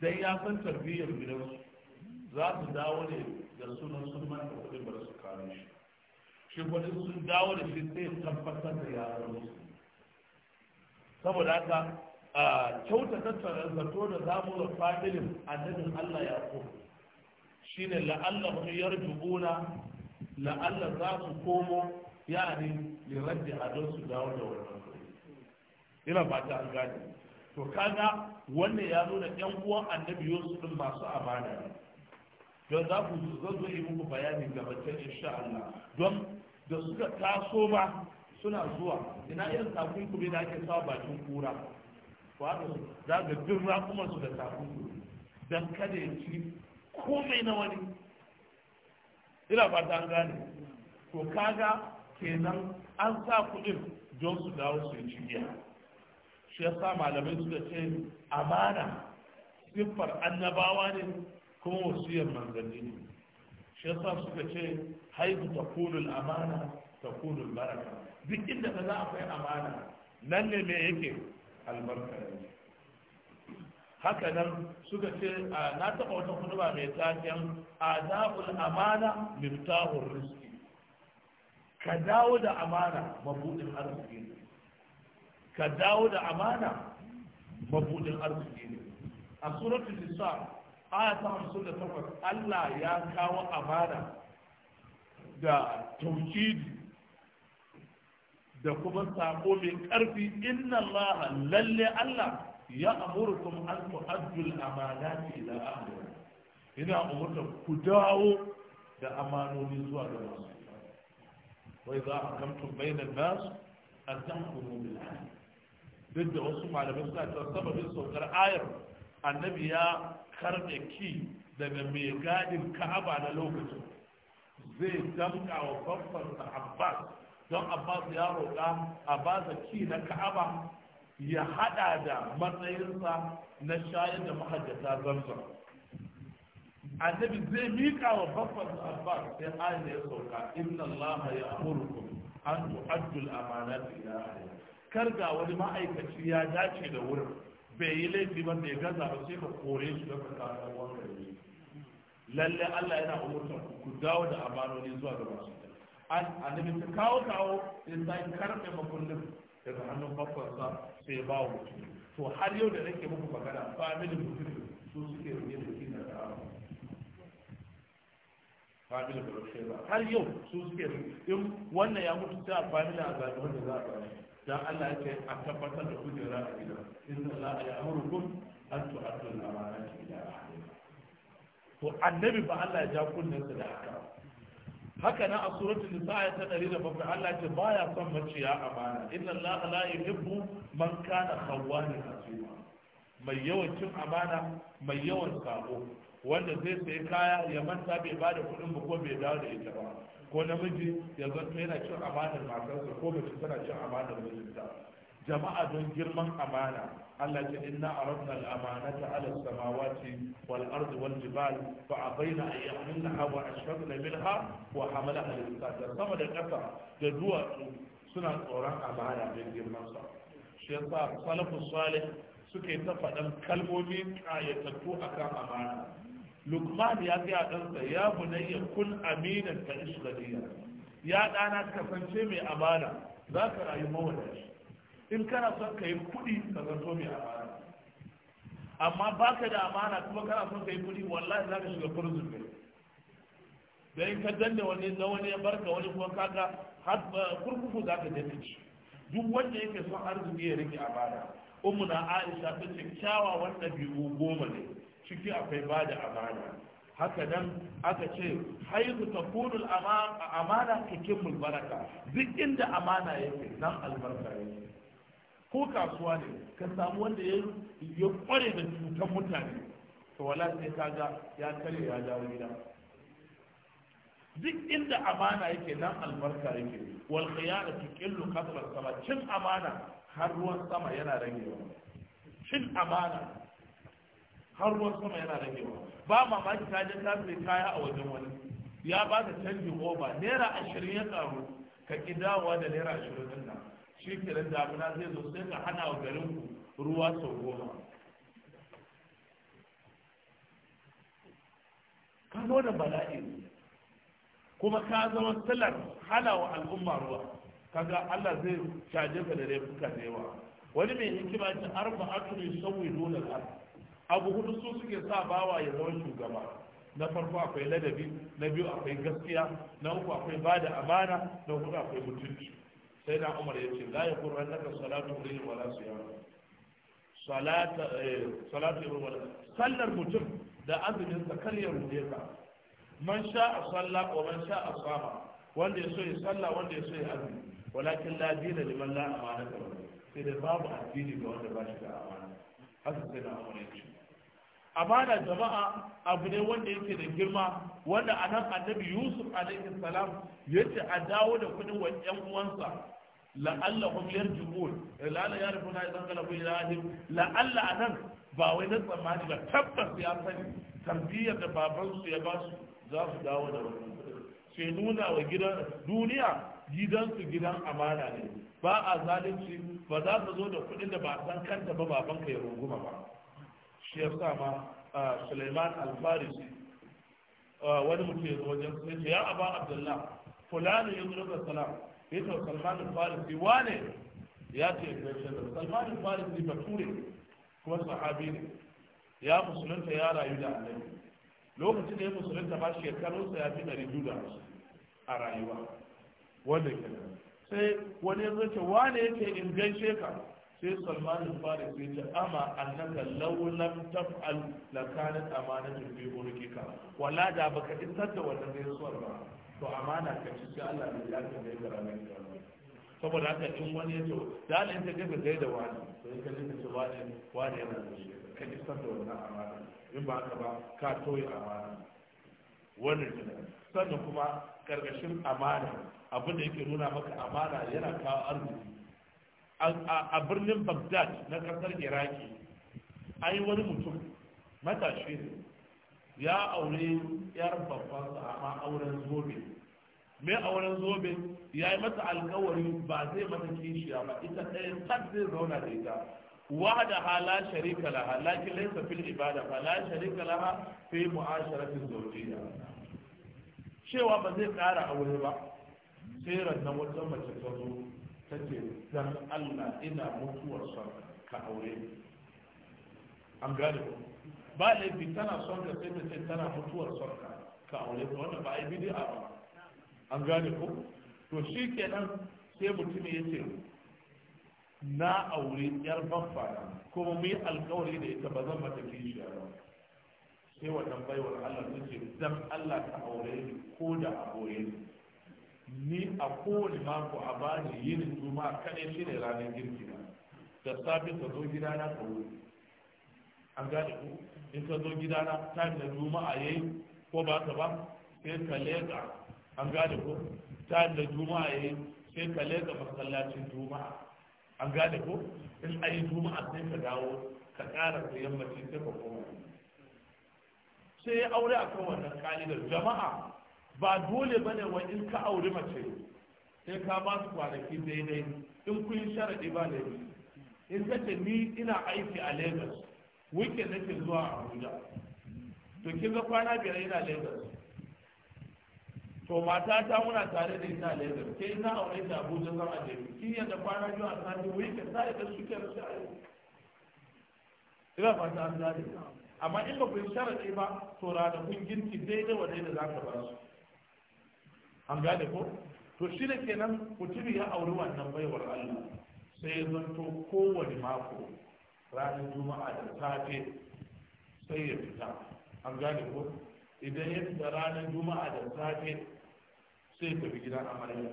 dan ya san tarbiyyar gidansu za su dawo ne da sunan sun manta kudin bar su kare shi shi kudin sun dawo da shi sai tabbatar da yaran su saboda haka kyautata zato da zamu da annabin Allah ya so shine la'allahu yarjuuna la'alla za su komo yani li a don su dawo da wannan ina ba ta an gane to kaga wannan ya nuna yan uwan annabi Yusuf din masu amana ne don za ku zo yi muku bayani gabatar insha Allah don da suka taso ba suna zuwa ina irin takunkumi da ake sawa bakin kura wato za ga duk su da tafi don kada ya ci komai na wani ina ba ta gane to kaga kenan an sa kuɗin don su dawo su yi shi ya sa malamai suka ce amana siffar annabawa ne kuma wasiyar manzanni ne shi ya sa suka ce haihu ta kunul amana ta kunul baraka duk inda ka za a kai amana nan ne me yake albarka ne haka nan suka ce na taɓa wata kuduba mai taken adabul amana miftahur riski ka dawo da amana mabudin arziki ne ka dawo da amana mabudin arziki ne a suratul nisa aya ta hamsin da takwas Allah ya kawo amana da taukidi da kuma sako mai ƙarfi inna Allah lalle Allah ya amurkum an tu'addu al-amanati da ahliha ina umurta ku dawo da amanoni zuwa ga masu wa idza hakamtum bayna an-nas an tahkumu bil adl duk da wasu malamai suna ta sababin saukar ayar annabi ya karbe ki daga mai gadin ka'aba na lokacin zai damka wa babban abbas don abbas ya roƙa a ba sa ci na ka'aba ya haɗa da matsayinsa na shayar da mahajjata zamzam annabi zai miƙa wa babban abbas sai ayin ya sauka inna allaha ya amurkum an tu'addu al-amanat ila ahliha kar ga wani ma'aikaci ya dace da wurin bai yi laifi ba bai gaza ba sai ka kore shi da ka kawo lalle Allah yana umurtar ku dawo da amanoni zuwa ga masu annabi ta kawo kawo ya sai karfe makullin daga hannun bakwarsa sai ba wa mutum to har yau da nake muku magana da mutum su suke rike da kina da abu da mutum ba har yau su suke in wannan ya mutu sai a a zaɓi wanda za a zaɓi dan Allah ya ce a tabbatar da kujera a gida inna Allah ya amurkum an tu'addu al-amanati ila ahliha to annabi ba Allah ya ja kunnensa da haka haka na a suratul nisa ta 107 Allah ce baya son maciya amana inna Allah la yuhibbu man kana khawwanan asima mai yawan cin amana mai yawan sabo wanda zai sai kaya ya manta bai bada kuɗin ba ko bai dawo da ita ba ko namiji ya zanto yana cin amanar matarsa ko mace tana cin amanar mijinta jama'a don girman amana Allah ce inna aradna al-amanata ala samawati wal ardi wal jibal fa abaina an yahmilnaha wa ashfaqna minha wa hamalaha al-insan sama da kasa da duwatsu suna tsoron amana don girman sa shi yasa salafus salih suke ta faɗan kalmomi ayatattu akan amana lukman ya ga ɗansa ya bunayya kun aminan ka ishgadiya ya ɗana kasance mai amana za ka rayu mawadaci in kana son ka yi kuɗi ka zanto mai amana amma ba ka da amana kuma kana son ka yi kuɗi wallahi za ka shiga furzun ne da in ka danne wani na wani ya barka wani kuma kaka kurkuku za ka danne shi duk wanda yake son arziki ya rike amana umu na aisha ta ce wanda biyu goma ne ciki akwai ba da amana haka nan aka ce haihu ta kunul amana kikin mulbaraka duk inda amana yake nan albarka yake ko kasuwa ne ka samu wanda ya kware da cutar mutane to wala sai kaga ya kare ya dawo gida duk inda amana yake nan albarka yake wal fi tuqillu qadra sama cin amana har ruwan sama yana ragewa cin amana har ruwan sama yana ragewa ba mamaki ta je ta sai kaya a wajen wani ya ba ka canji oba naira ashirin ya karu ka kidawa da naira ashirin din nan shi kenan damuna zai zo sai ka hana wa garin ku ruwa sau goma ka zo da bala'i kuma ka zama silar hana wa al'umma ruwa kaga Allah zai caje ka da laifuka da yawa wani mai hikima ce arba aturi sauyi dole abu hudu su suke sa bawa ya zama shugaba na farko akwai ladabi na biyu akwai gaskiya na uku akwai bada amana na hudu akwai mutunci sai na umar ya ce la ya kurra naka salatu ne wala su yawa eh, salatu ne wala sallar mutum da azumin sa kar ya rufe ka man sha a salla ko man sha a sama wanda ya so ya salla wanda ya so ya azumi walakin la dina liman la amana ka sai da babu addini ga wanda ba shi da amana haka sai na umar ya ce amana jama'a abu ne wanda yake da girma wanda a nan annabi yusuf alaihi salam ya ce a dawo da kudin wa yan uwansa la'allahum yarji'un eh, la'alla yarifuna idan kala kulli lahim la'alla anan ba wai na tsammani ba tabbas ya sani tarbiyyar da baban su ya ba su za su dawo da wani sai nuna wa gidan duniya gidansu gidan amana ne ba a zalunci ba za ka zo da kuɗin da ba a san kanta ba babanka ya runguma ba shi ya sa ma suleiman alfarisi wani mutum ya zo wajen sai ya aba abdullah fulani ya zo da salam sai to salman farisi wane ya ce gaishe da salman farisi ture kuma sahabi ne ya musulunta ya rayu da annabi lokacin da ya musulunta ba shekarunsa ya fi ɗari biyu da a rayuwa wanda ke sai wani ya zace wane yake in gaishe ka sai salman farisi ya ce ama annaka law lam taf'al la kanat amanatun fi urqika wala da baka isar da wannan gaisuwar ba to amana ka ci sai Allah ne ya ce da yadda ne saboda haka tun wani ya to dalin ta ga zai da wani sai ka nuna ce wani wani yana da shi ka ji san da wannan amana in ba ka ba ka toye amana wannan ne sannan kuma karkashin amana abin da yake nuna maka amana yana kawo arziki a birnin Baghdad na kasar Iraki ai wani mutum matashi ne ya aure yar babban amma auren zobe mai auren zobe ya yi mata alkawari ba zai mata kishiya ba ita ɗaya tak zai zauna da ita wahda ha la sharika laha lakin laysa fil ibada fa la sharika laha fi mu'asharati zawjiyya cewa ba zai ƙara aure ba sai rannan wata mace ta zo ta ce dan Allah ina mutuwar son ka aure an gane ko ba laifi tana son ka sai ta ce tana mutuwar son ka aure ka wanda ba ai a ba an gane ko to shi kenan sai mutum ya ce na aure yar baffara kuma mu yi alkawari da ita ba zan mata kishi ba sai wannan baiwar Allah ta ce dan Allah ta aure ni ko da aure ni a kowane mako a bani yin juma'a kaɗai shi ne ranar girki na da safe ta zo gida na ka wuri an gane ku in ka zo gida na ta da juma'a yayi ko ba ka ba sai ka leka an gane ko ta da juma'a yayi sai ka leka masallacin juma'a an gane ko in a yi juma'a sai ka dawo ka ƙara da yammaci sai ka koma sai ya aure a kan wannan kalidar jama'a ba dole ba ne in ka aure mace sai ka ba su kwanaki daidai in kun yi sharaɗi ba da in ka ce ni ina aiki a lagos wike nake zuwa abuja to kin ga kwana biyar ina lagos to mata ta muna tare da ita da yadda ke ina aure ta abuja zan a jami shi yadda kwana biyu a sati wuyi ka sa idan suke rasu a yau ina fata an zaɓi amma in ba ku yi sharaɗi ba to ranakun girki daidai wa daidai za ka ba su an gane ko to shi da kenan mutum ya auri wannan baiwar allah sai ya zanto kowane mako ranar juma'a da safe sai ya fita an gane ko idan ya fita ranar juma'a da safe sai tafi gidan amarya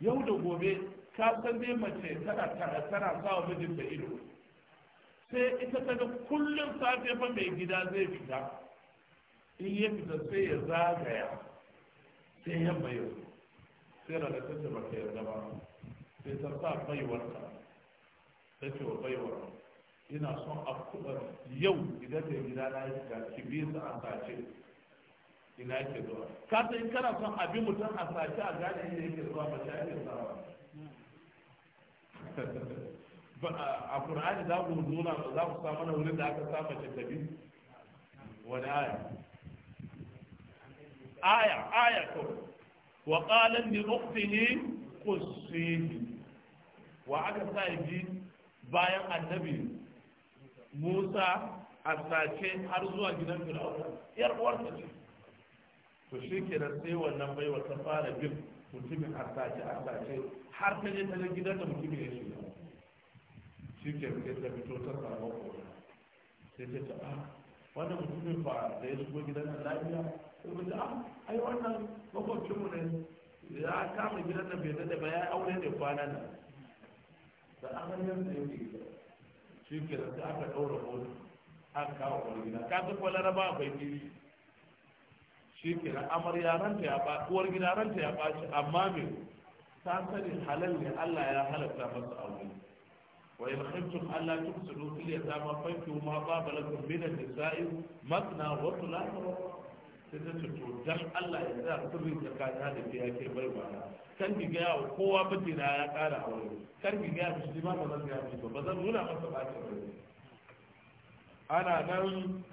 yau da gobe ka san dai mace tana tara tana sa wa da ido sai ita ta ga kullum safe fa mai gida zai fita in ya fita sai ya zagaya sai yamma yau sai rana ta ce baka yarda ba sai ta sa baiwarta ta ce wa baiwar ina son a yau idan da gida na ya fita ki bi su an sace ina yake zuwa ka san in kana son abin mutum a sace a gane inda yake zuwa ba ta yake ba. a qur'ani za ku nuna za ku samu na wurin da aka sa mace ta wani aya aya aya ko wa qalan li ukhtihi qussihi wa aka sa bi bayan annabi Musa a sace har zuwa gidan Fir'auna yar uwarsa ce to shi ke da sai wannan baiwa ta fara bin mutumin harsace harsace har ta je ta ga gidan da mutumin ya shiga shi ke da ta fito ta samu kora sai ta ta ah wannan mutumin ba da ya shigo gidan da lafiya sai mu ce ah ai wannan makwabcin mu ne ya kama gidan da bai da ba ya aure ne kwana nan da yanzu da yake gida shi ke sai aka ɗaura mota aka kawo kwalgida ka ga kwalaraba akwai fili shi ke na amarya ranta ya ɓaci uwar gida ranta ya ɓaci amma me ta sani halal ne Allah ya halatta masa aure wa in khiftum alla su fil yatama fankihu ma qaba lakum min an-nisa'i matna wa thulatha wa sai ta ce to dan Allah ya sa ta zakata da ke yake bai bana kan ki ga wa kowa mijina ya ƙara aure kan ki ga shi ba zan ga ba zan nuna masa ba ta ana nan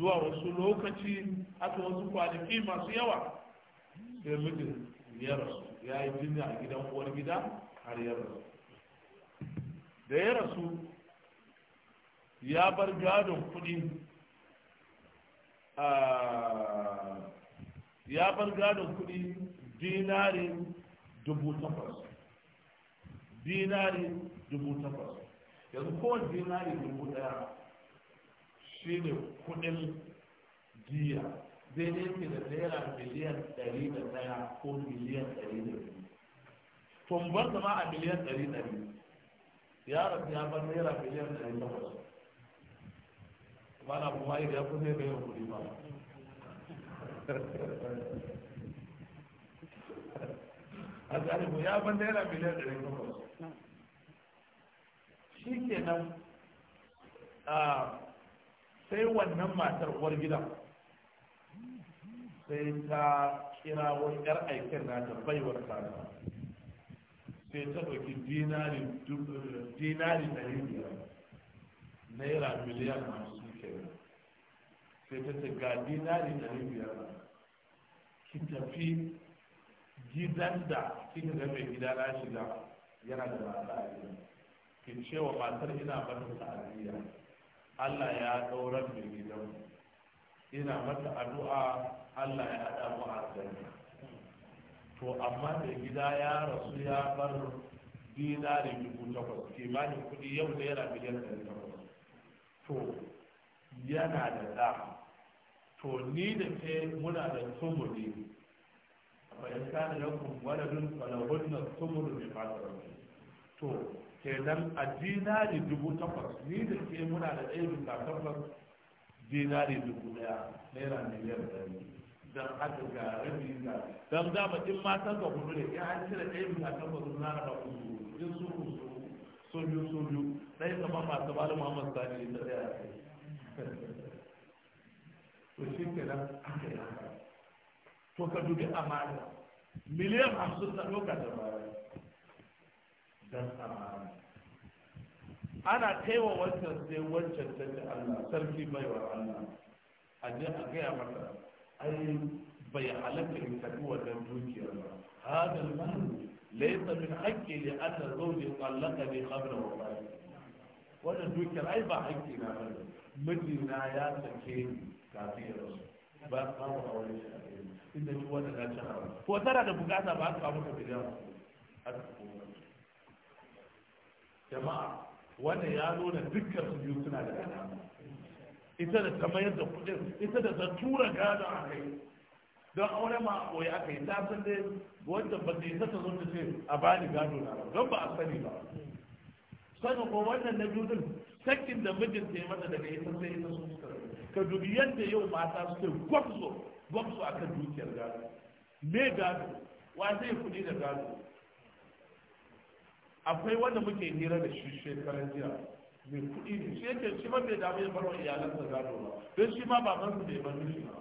zuwa wasu lokaci haka wasu kwanaki masu yawa sai mijin ya rasu ya yi jinya a gidan uwar gida har ya rasu da ya rasu ya bar gadon kuɗi ya bar gadon kudi dinari dubu takwas dinari dubu takwas yanzu kowane dinari dubu ɗaya shi ne kudin jiya daidai ke da naira miliyan ɗari da ɗaya ko miliyan ɗari da biyu tumbar da ma a miliyan ɗari ɗari yaron ya bar naira miliyan ɗari da ba na kuma yi ya kusa da yin kuɗi ba a zalibu ya bar naira miliyan ɗari takwas shi ke nan. sai wannan matar uwar gida sai ta kira wani yar aikin na nata baiwar sana sai ta ɗauki dinari na biyar naira miliyan masu suke sai ta ga dinari na biyar ki tafi gidan da kika ga mai gida na shiga yana da masu a ki ce wa matar ina mata ajiya? Allah ya ɗaurar da gidan ina mata addu'a Allah ya haɗa mu a to amma da gida ya rasu ya bar da dubu takwas kimanin kuɗi yau da yana miliyan ɗari takwas to yana da ɗa to ni da ke muna da tumuli fa in kana lakum waladun falahunna tumulu bi to kenan a dinari dubu takwas ni da ke muna da ɗaya bisa takwas dinari dubu ɗaya naira miliyan ɗari don haka ga rabi na don dama in san ka hudu ne ya an cire ɗaya bisa takwas na raba hudu in su hudu so biyu so biyu ɗaya kama masu da muhammad sani da ɗaya a kai to shi kenan aka yi haka to ka dubi amana miliyan hamsin na ɗauka da baya ana kaiwa wancan sai wancan ta ce Allah sarki baiwa Allah a je a gaya mata ai bai halatta in wannan dukiyar ba laysa min haqqi li zawji bi qabla wafati wannan dukiyar ai ba haƙƙi na ba ya sake kafin ya rasu ba ba aure shi inda shi wannan ya ci ko tana da bukata ba ka a cikin jama'a wanda ya nuna dukkan su biyu suna da alama ita da ta mayar da kudin ita da ta tura gado a kai don aure ma koyi aka yi ta da wanda ba ta isa ta zo ta ce a bani gado na don ba a sani ba sanin ko wannan na biyu din sakin da mijin ta yi mata daga ta sai ita sun ka dubi yadda yau mata suke gwabzo a kan dukiyar gado me gado wa zai kudi da gado akwai wanda muke hira da shi shekaran jiya mai kuɗi ne shi yake shi ma bai damu ya barwa iyalansa gado ba don shi ma babansa bai bar mishi ba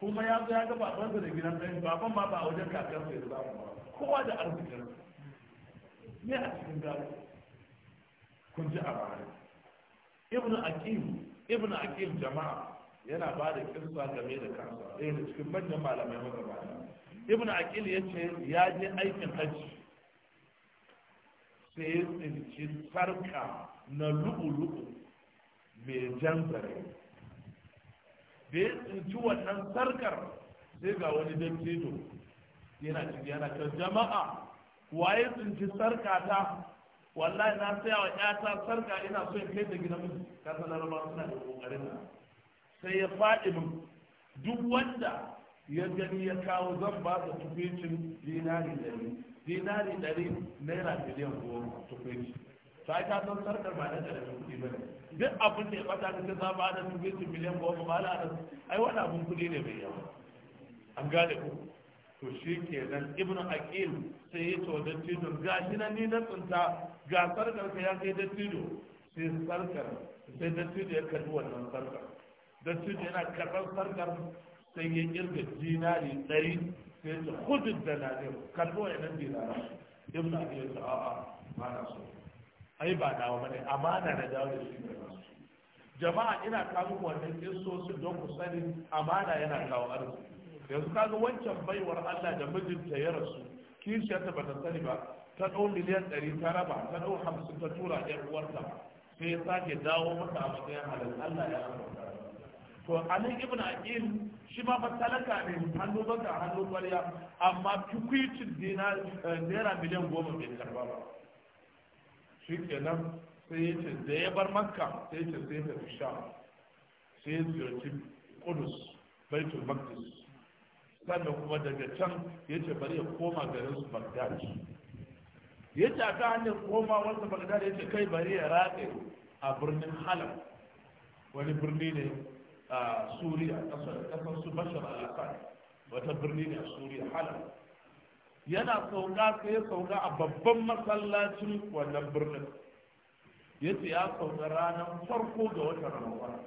kuma ya zo ya ga babansa da gidan ɗan baban ma ba wajen kakansa ya samu ba kowa da arzikin ne a cikin gado kun ji a baya ibnu akim ibnu akim jama'a yana ba da kirsa game da kansa ɗaya da cikin manyan malamai magabata ibnu aqil ya ce ya je aikin hajji sai ya tsinci sarka na lu'ulu'u mai jan zare da ya tsinci wannan sarkar sai ga wani dattijo yana ciki yana ta jama'a waye tsinci sarka ta wallahi na saya wa 'yata sarka ina so in kai da gina miji ka san larabawa suna da kokarin nan sai ya faɗi min duk wanda ya gani ya kawo zan ba da tuficin dinari da ni dinari ɗari naira miliyan goma tukuri to ai ka don sarkar ba na ɗari kuɗi ba ne duk abin da ya da ta za ba da tukuri miliyan goma ba la nan ai wani abin kuɗi ne mai yawa an gane ku to shi ke nan ibnu aqil sai ya to da tido ga shi nan ni na tsunta ga sarkar ka ya kai dattijo sai sarkar sai dattijo ya kalli wannan sarkar dattijo yana karɓar sarkar sai ya kirga dinari ɗari sai ce hudud da nadir ya nan dira ibn abi ya ce a'a ba na so ai ba dawo bane amana na dawo da shi ba jama'a ina kawo wannan kissosin don ku sani amana yana kawo arziki yanzu kaga wancan baiwar Allah da mijinta ya rasu kishiyarta ba ta sani ba ta ɗau miliyan ɗari ta raba ta ɗau hamsin ta tura ɗan uwarta ba, sai ya sake dawo mata a matsayin halin Allah ya rasa to ali ibn aqil shi ma fa talaka ne hannu baka hannu kwariya amma tukwicin dinar eh, naira miliyan goma bai karba ba shi kenan sai ya ce da ya bar makka sai ya ce sai fi sha sai ya ziyarci kudus baitul maqdis sannan kuma daga can ya ce bari ya koma garin su bagdad ya ce a kan hanyar koma wanda bagdad ya ce kai bari ya ratse a birnin halam. wani birni ne a suriya kasar su bashar al-assad wata birni ne a suriya halab yana sauka sai ya sauka a babban masallacin wannan birnin ya ce ya sauka ranar farko ga watan ramadan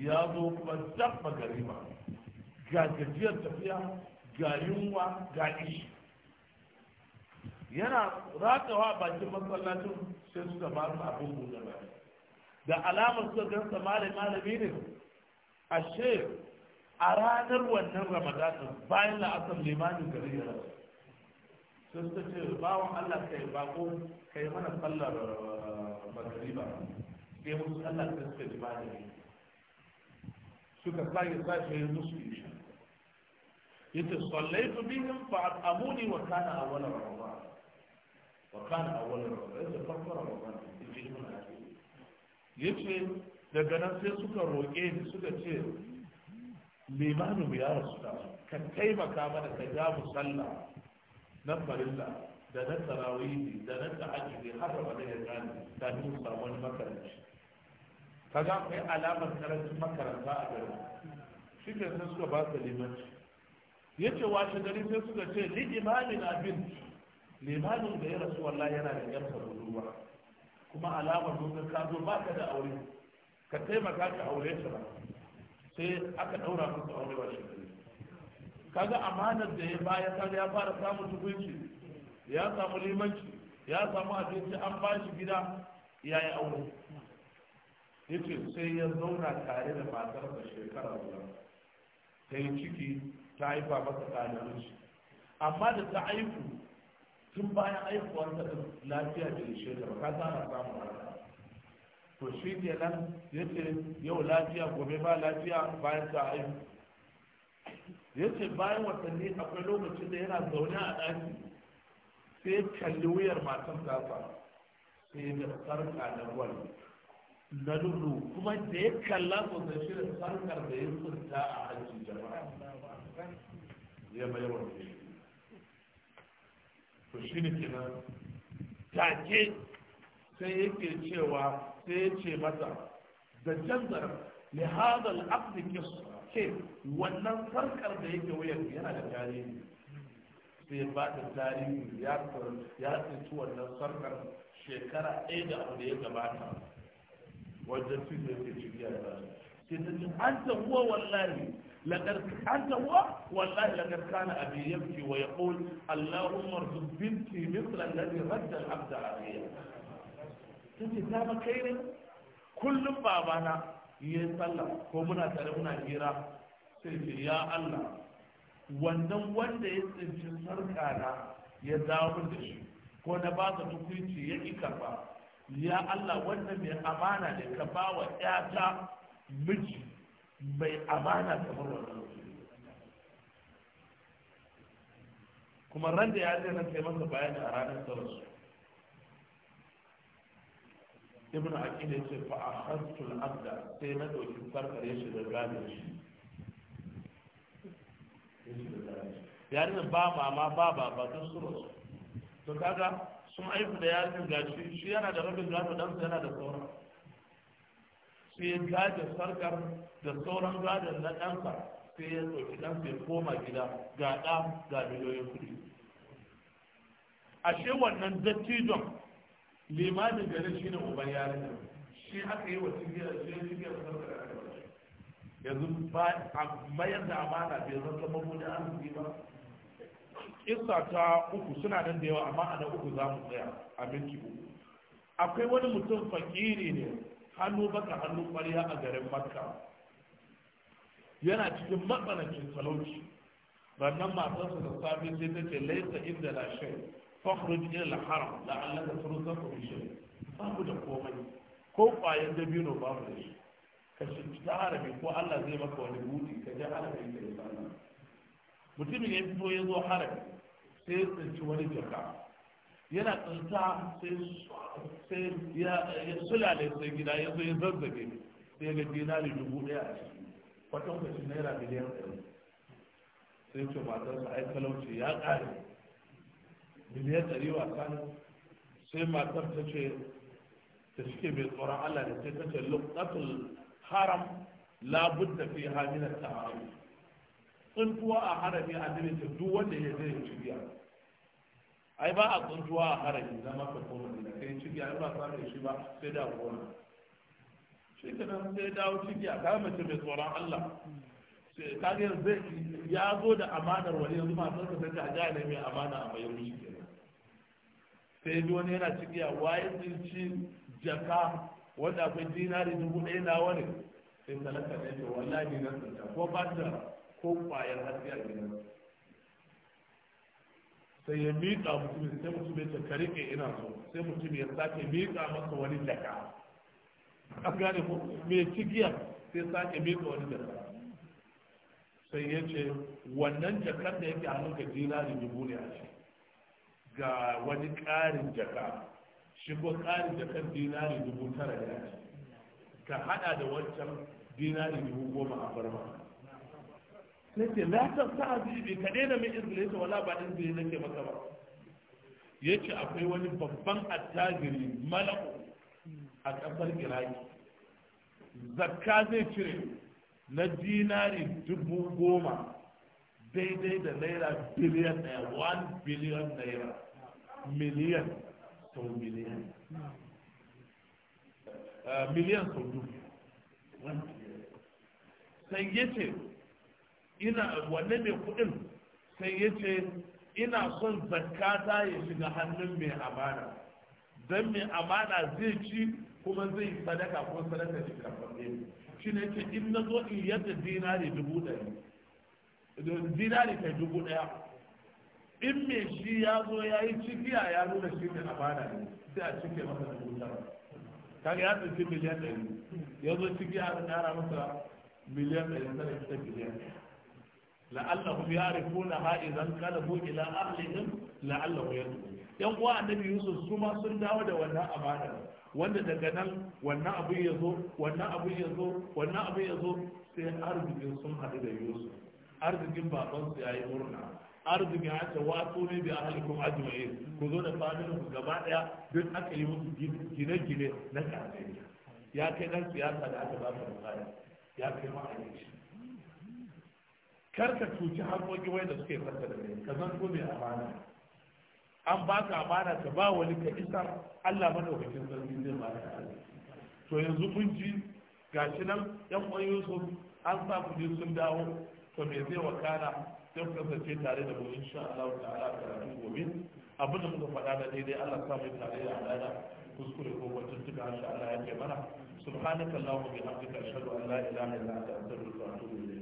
ya zo kuma dabba garima ga gajiyar tafiya ga yunwa ga ishi yana ratawa bakin masallacin sai suka ba su abin gudanar. da alamar suka gansa malami malami ne ashe a ranar wannan ramadanin bayan la'asar limanin gari ya rasu sun ta ce bawan allah kai bako kai mana sallar magariba sai musu allah ta suka ji malami suka sake sashe musu isha yace sallaitu bihim fa al'amuni wa kana awwala ramadan wa kana awwala ramadan yace farko ramadan yace mun yace daga nan sai suka roƙe ni suka ce limanu ya rasu ka taimaka mana ka ja mu sallah na farilla da na tarawihi da na tahajjudi har da ya ne kafin mu samu wani makaranci ku yi alamar karancin makaranta a garin shi ke sai suka ba su limanci ce, washe gari sai suka ce ni imamin abin limamin da ya rasu wallahi yana da yan budurwa kuma alama domin ka zo ba ka da aure ka taimaka ka aure shi ba sai aka daura musu aure ba shi kaga amanar da ya baya ta ya fara samun tukunci ya samu limanci ya samu abinci an ba shi gida ya yi aure yace sai ya zauna tare da da shekara guda ta yi ciki ta haifa masa ɗalibinci amma da ta aiku tun bayan da ta lafiya da ya ta ba ka tsara samun haka to shi ne nan ya ce yau lafiya gobe ba lafiya bayan ka aiki ya ce bayan watanni akwai lokacin da yana zaune a ɗaki sai kalli wuyar matan tasa sai da sarka na gwal na lulu kuma da ya kalla sosai shi da sarkar da ya tsinta a hajji jama'a ya mai wani to shi ne kenan take sai yake cewa sai ya ce masa da janzar lihada al'abdi ke wannan farkar da yake wuyan yana da tarihi sai ba da tarihi ya tsinci wannan farkar shekara ɗaya da abu da ya gabata wajen fi da yake cikin yara sai ta ce an ta tabuwa wallahi لقد أنت هو والله لقد كان أبي يبكي ويقول اللهم ارزق بنتي مثل الذي رد العبد عليه تجي دام كيري كل بابانا يسلم ومنا ترمنا هيرا سيدي يا الله wannan wanda ya tsinci sarka na ya dawo da shi ko na ba ta hukunci ya ƙi karba ya Allah wannan mai amana ne ka ba wa ƴata miji mai amana kamar wannan kuma ran da ya je nan sai masa bayani a ranar sarsu ibn aqil ya ce fa akhadtu al-abda sai na dauki farkare shi da gane shi Ya ne ba mama ba ba don su rasu to kaga sun aiki da yarin gashi shi yana da rabin gado dan yana da sauran sai ya gada sarkar da sauran gadon na ɗansa sai ya ɗauki ɗan ya koma gida ga ɗa ga miliyoyin kuɗi ashe wannan dattijon limamin gari shi ne uban yaran shi aka yi wa cigiyar shi ya cigiyar sarkar aka yanzu ba a mayar da amana bai zan zama mabudin arziki ba Isa ta uku suna nan da yawa amma a na uku za mu tsaya a minti uku akwai wani mutum fakiri ne hannu baka hannu kwariya a garin makka yana cikin matsanancin talauci wannan matarsa da safi sai ta ce laisa inda la shai fakhruj ila al-haram la'allaka turza da shai babu da komai ko kwayan dabino babu da shi ka shi ta harami ko Allah zai maka wani buɗi ka ji harami da ya mutumin ya fito ya zo harami sai ya tsinci wani jaka yana tsinta sai ya sulale sai gida ya zo ya zazzage sai ga dinari dubu daya a ciki kwatan kwaci naira miliyan ɗari sai ce matarsa ai talauci ya ƙare miliyan ɗari wasa ne sai matar ta ce ta shike mai tsoron Allah ne sai ta ce luqatul haram la budda fi hamina ta'awun tsuntuwa a harami a dare duk wanda ya je ya ci biya ai ba a tsuntuwa a harami na maka kuma da kai ciki ai ba samun shi ba sai da gona shi ka nan sai dawo ciki a kama mace mai tsoron Allah ka zai ya zo da amanar wani yanzu ma ka sai ta ga ne mai amana a bayan shi sai ji wani yana ciki a waye jinci jaka wanda akwai dinari dubu ɗaya na wani sai talaka ne to wallahi nan ko ba ta ko kwayar hasiya ne sai ya miƙa mutum sai mutum ya ce ka riƙe ina so sai mutum ya sake miƙa masa wani daga a gane ko mai cikiya sai sake miƙa wani daga sai ya ce wannan jakar da yake hannun ka da dubu ne a ce ga wani ƙarin jaka shi ko ƙarin jakar da dubu tara ne a ce ka haɗa da wancan da dubu goma a farma Sai ce na san sa bibi ka daina mai izgile ta wala ba izgile nake maka ba ce akwai wani babban attajiri malako a ƙasar iraki zakka zai cire na dinari dubu goma daidai da naira biliyan naira, one billion naira miliyan sau miliyan eh, miliyan sau dubu sai ce. ina wanne mai kuɗin sai ya ce ina son zakata ya shiga hannun mai amana don mai amana zai ci kuma zai sadaka ko sadaka shi karfafe shi ne ce in na zo in yadda dinari dubu ɗaya dinari kai dubu ɗaya in mai shi ya zo ya yi cikiya ya nuna shi mai amana ne sai a cike masa dubu tara kaga ya tsinci miliyan ɗari ya zo cikiya a ƙara masa miliyan ɗari tara ita miliyan ɗaya la'allahum ya'rifuna ha idan qalabu ila ahlihim la'allahum yatqun yan uwa annabi yusuf su ma sun dawo da wannan amana wanda daga nan wannan abu ya zo wannan abu ya zo wannan abu ya zo sai arzikin sun haɗu da yusuf arzikin babansu ya yi murna arzikin ya ce wato ne bi ahalikum ajma'in ku zo da familin ku gaba daya duk aka yi musu gine-gine na kafin ya kai nan siyasa da aka ba ka bukari ya kai ma'aikaci kar ka cuci harkokin wai da suke fata da kai ka zan mai amana an ba ka amana ka ba wani ka isar Allah madaukakin sarki zai ba ka to yanzu kun ji gashi nan yan ƙwan Yusuf an sa ku ji sun dawo to me zai wakana sai ku kasance tare da mu insha Allah ta'ala karatu gobe abin da muka faɗa da daidai Allah sa mu tare da al'ada kuskure ko wata tuka Allah ya ce mana subhanakallahumma bihamdika ashhadu an la ilaha illa anta astaghfiruka wa atubu ilayk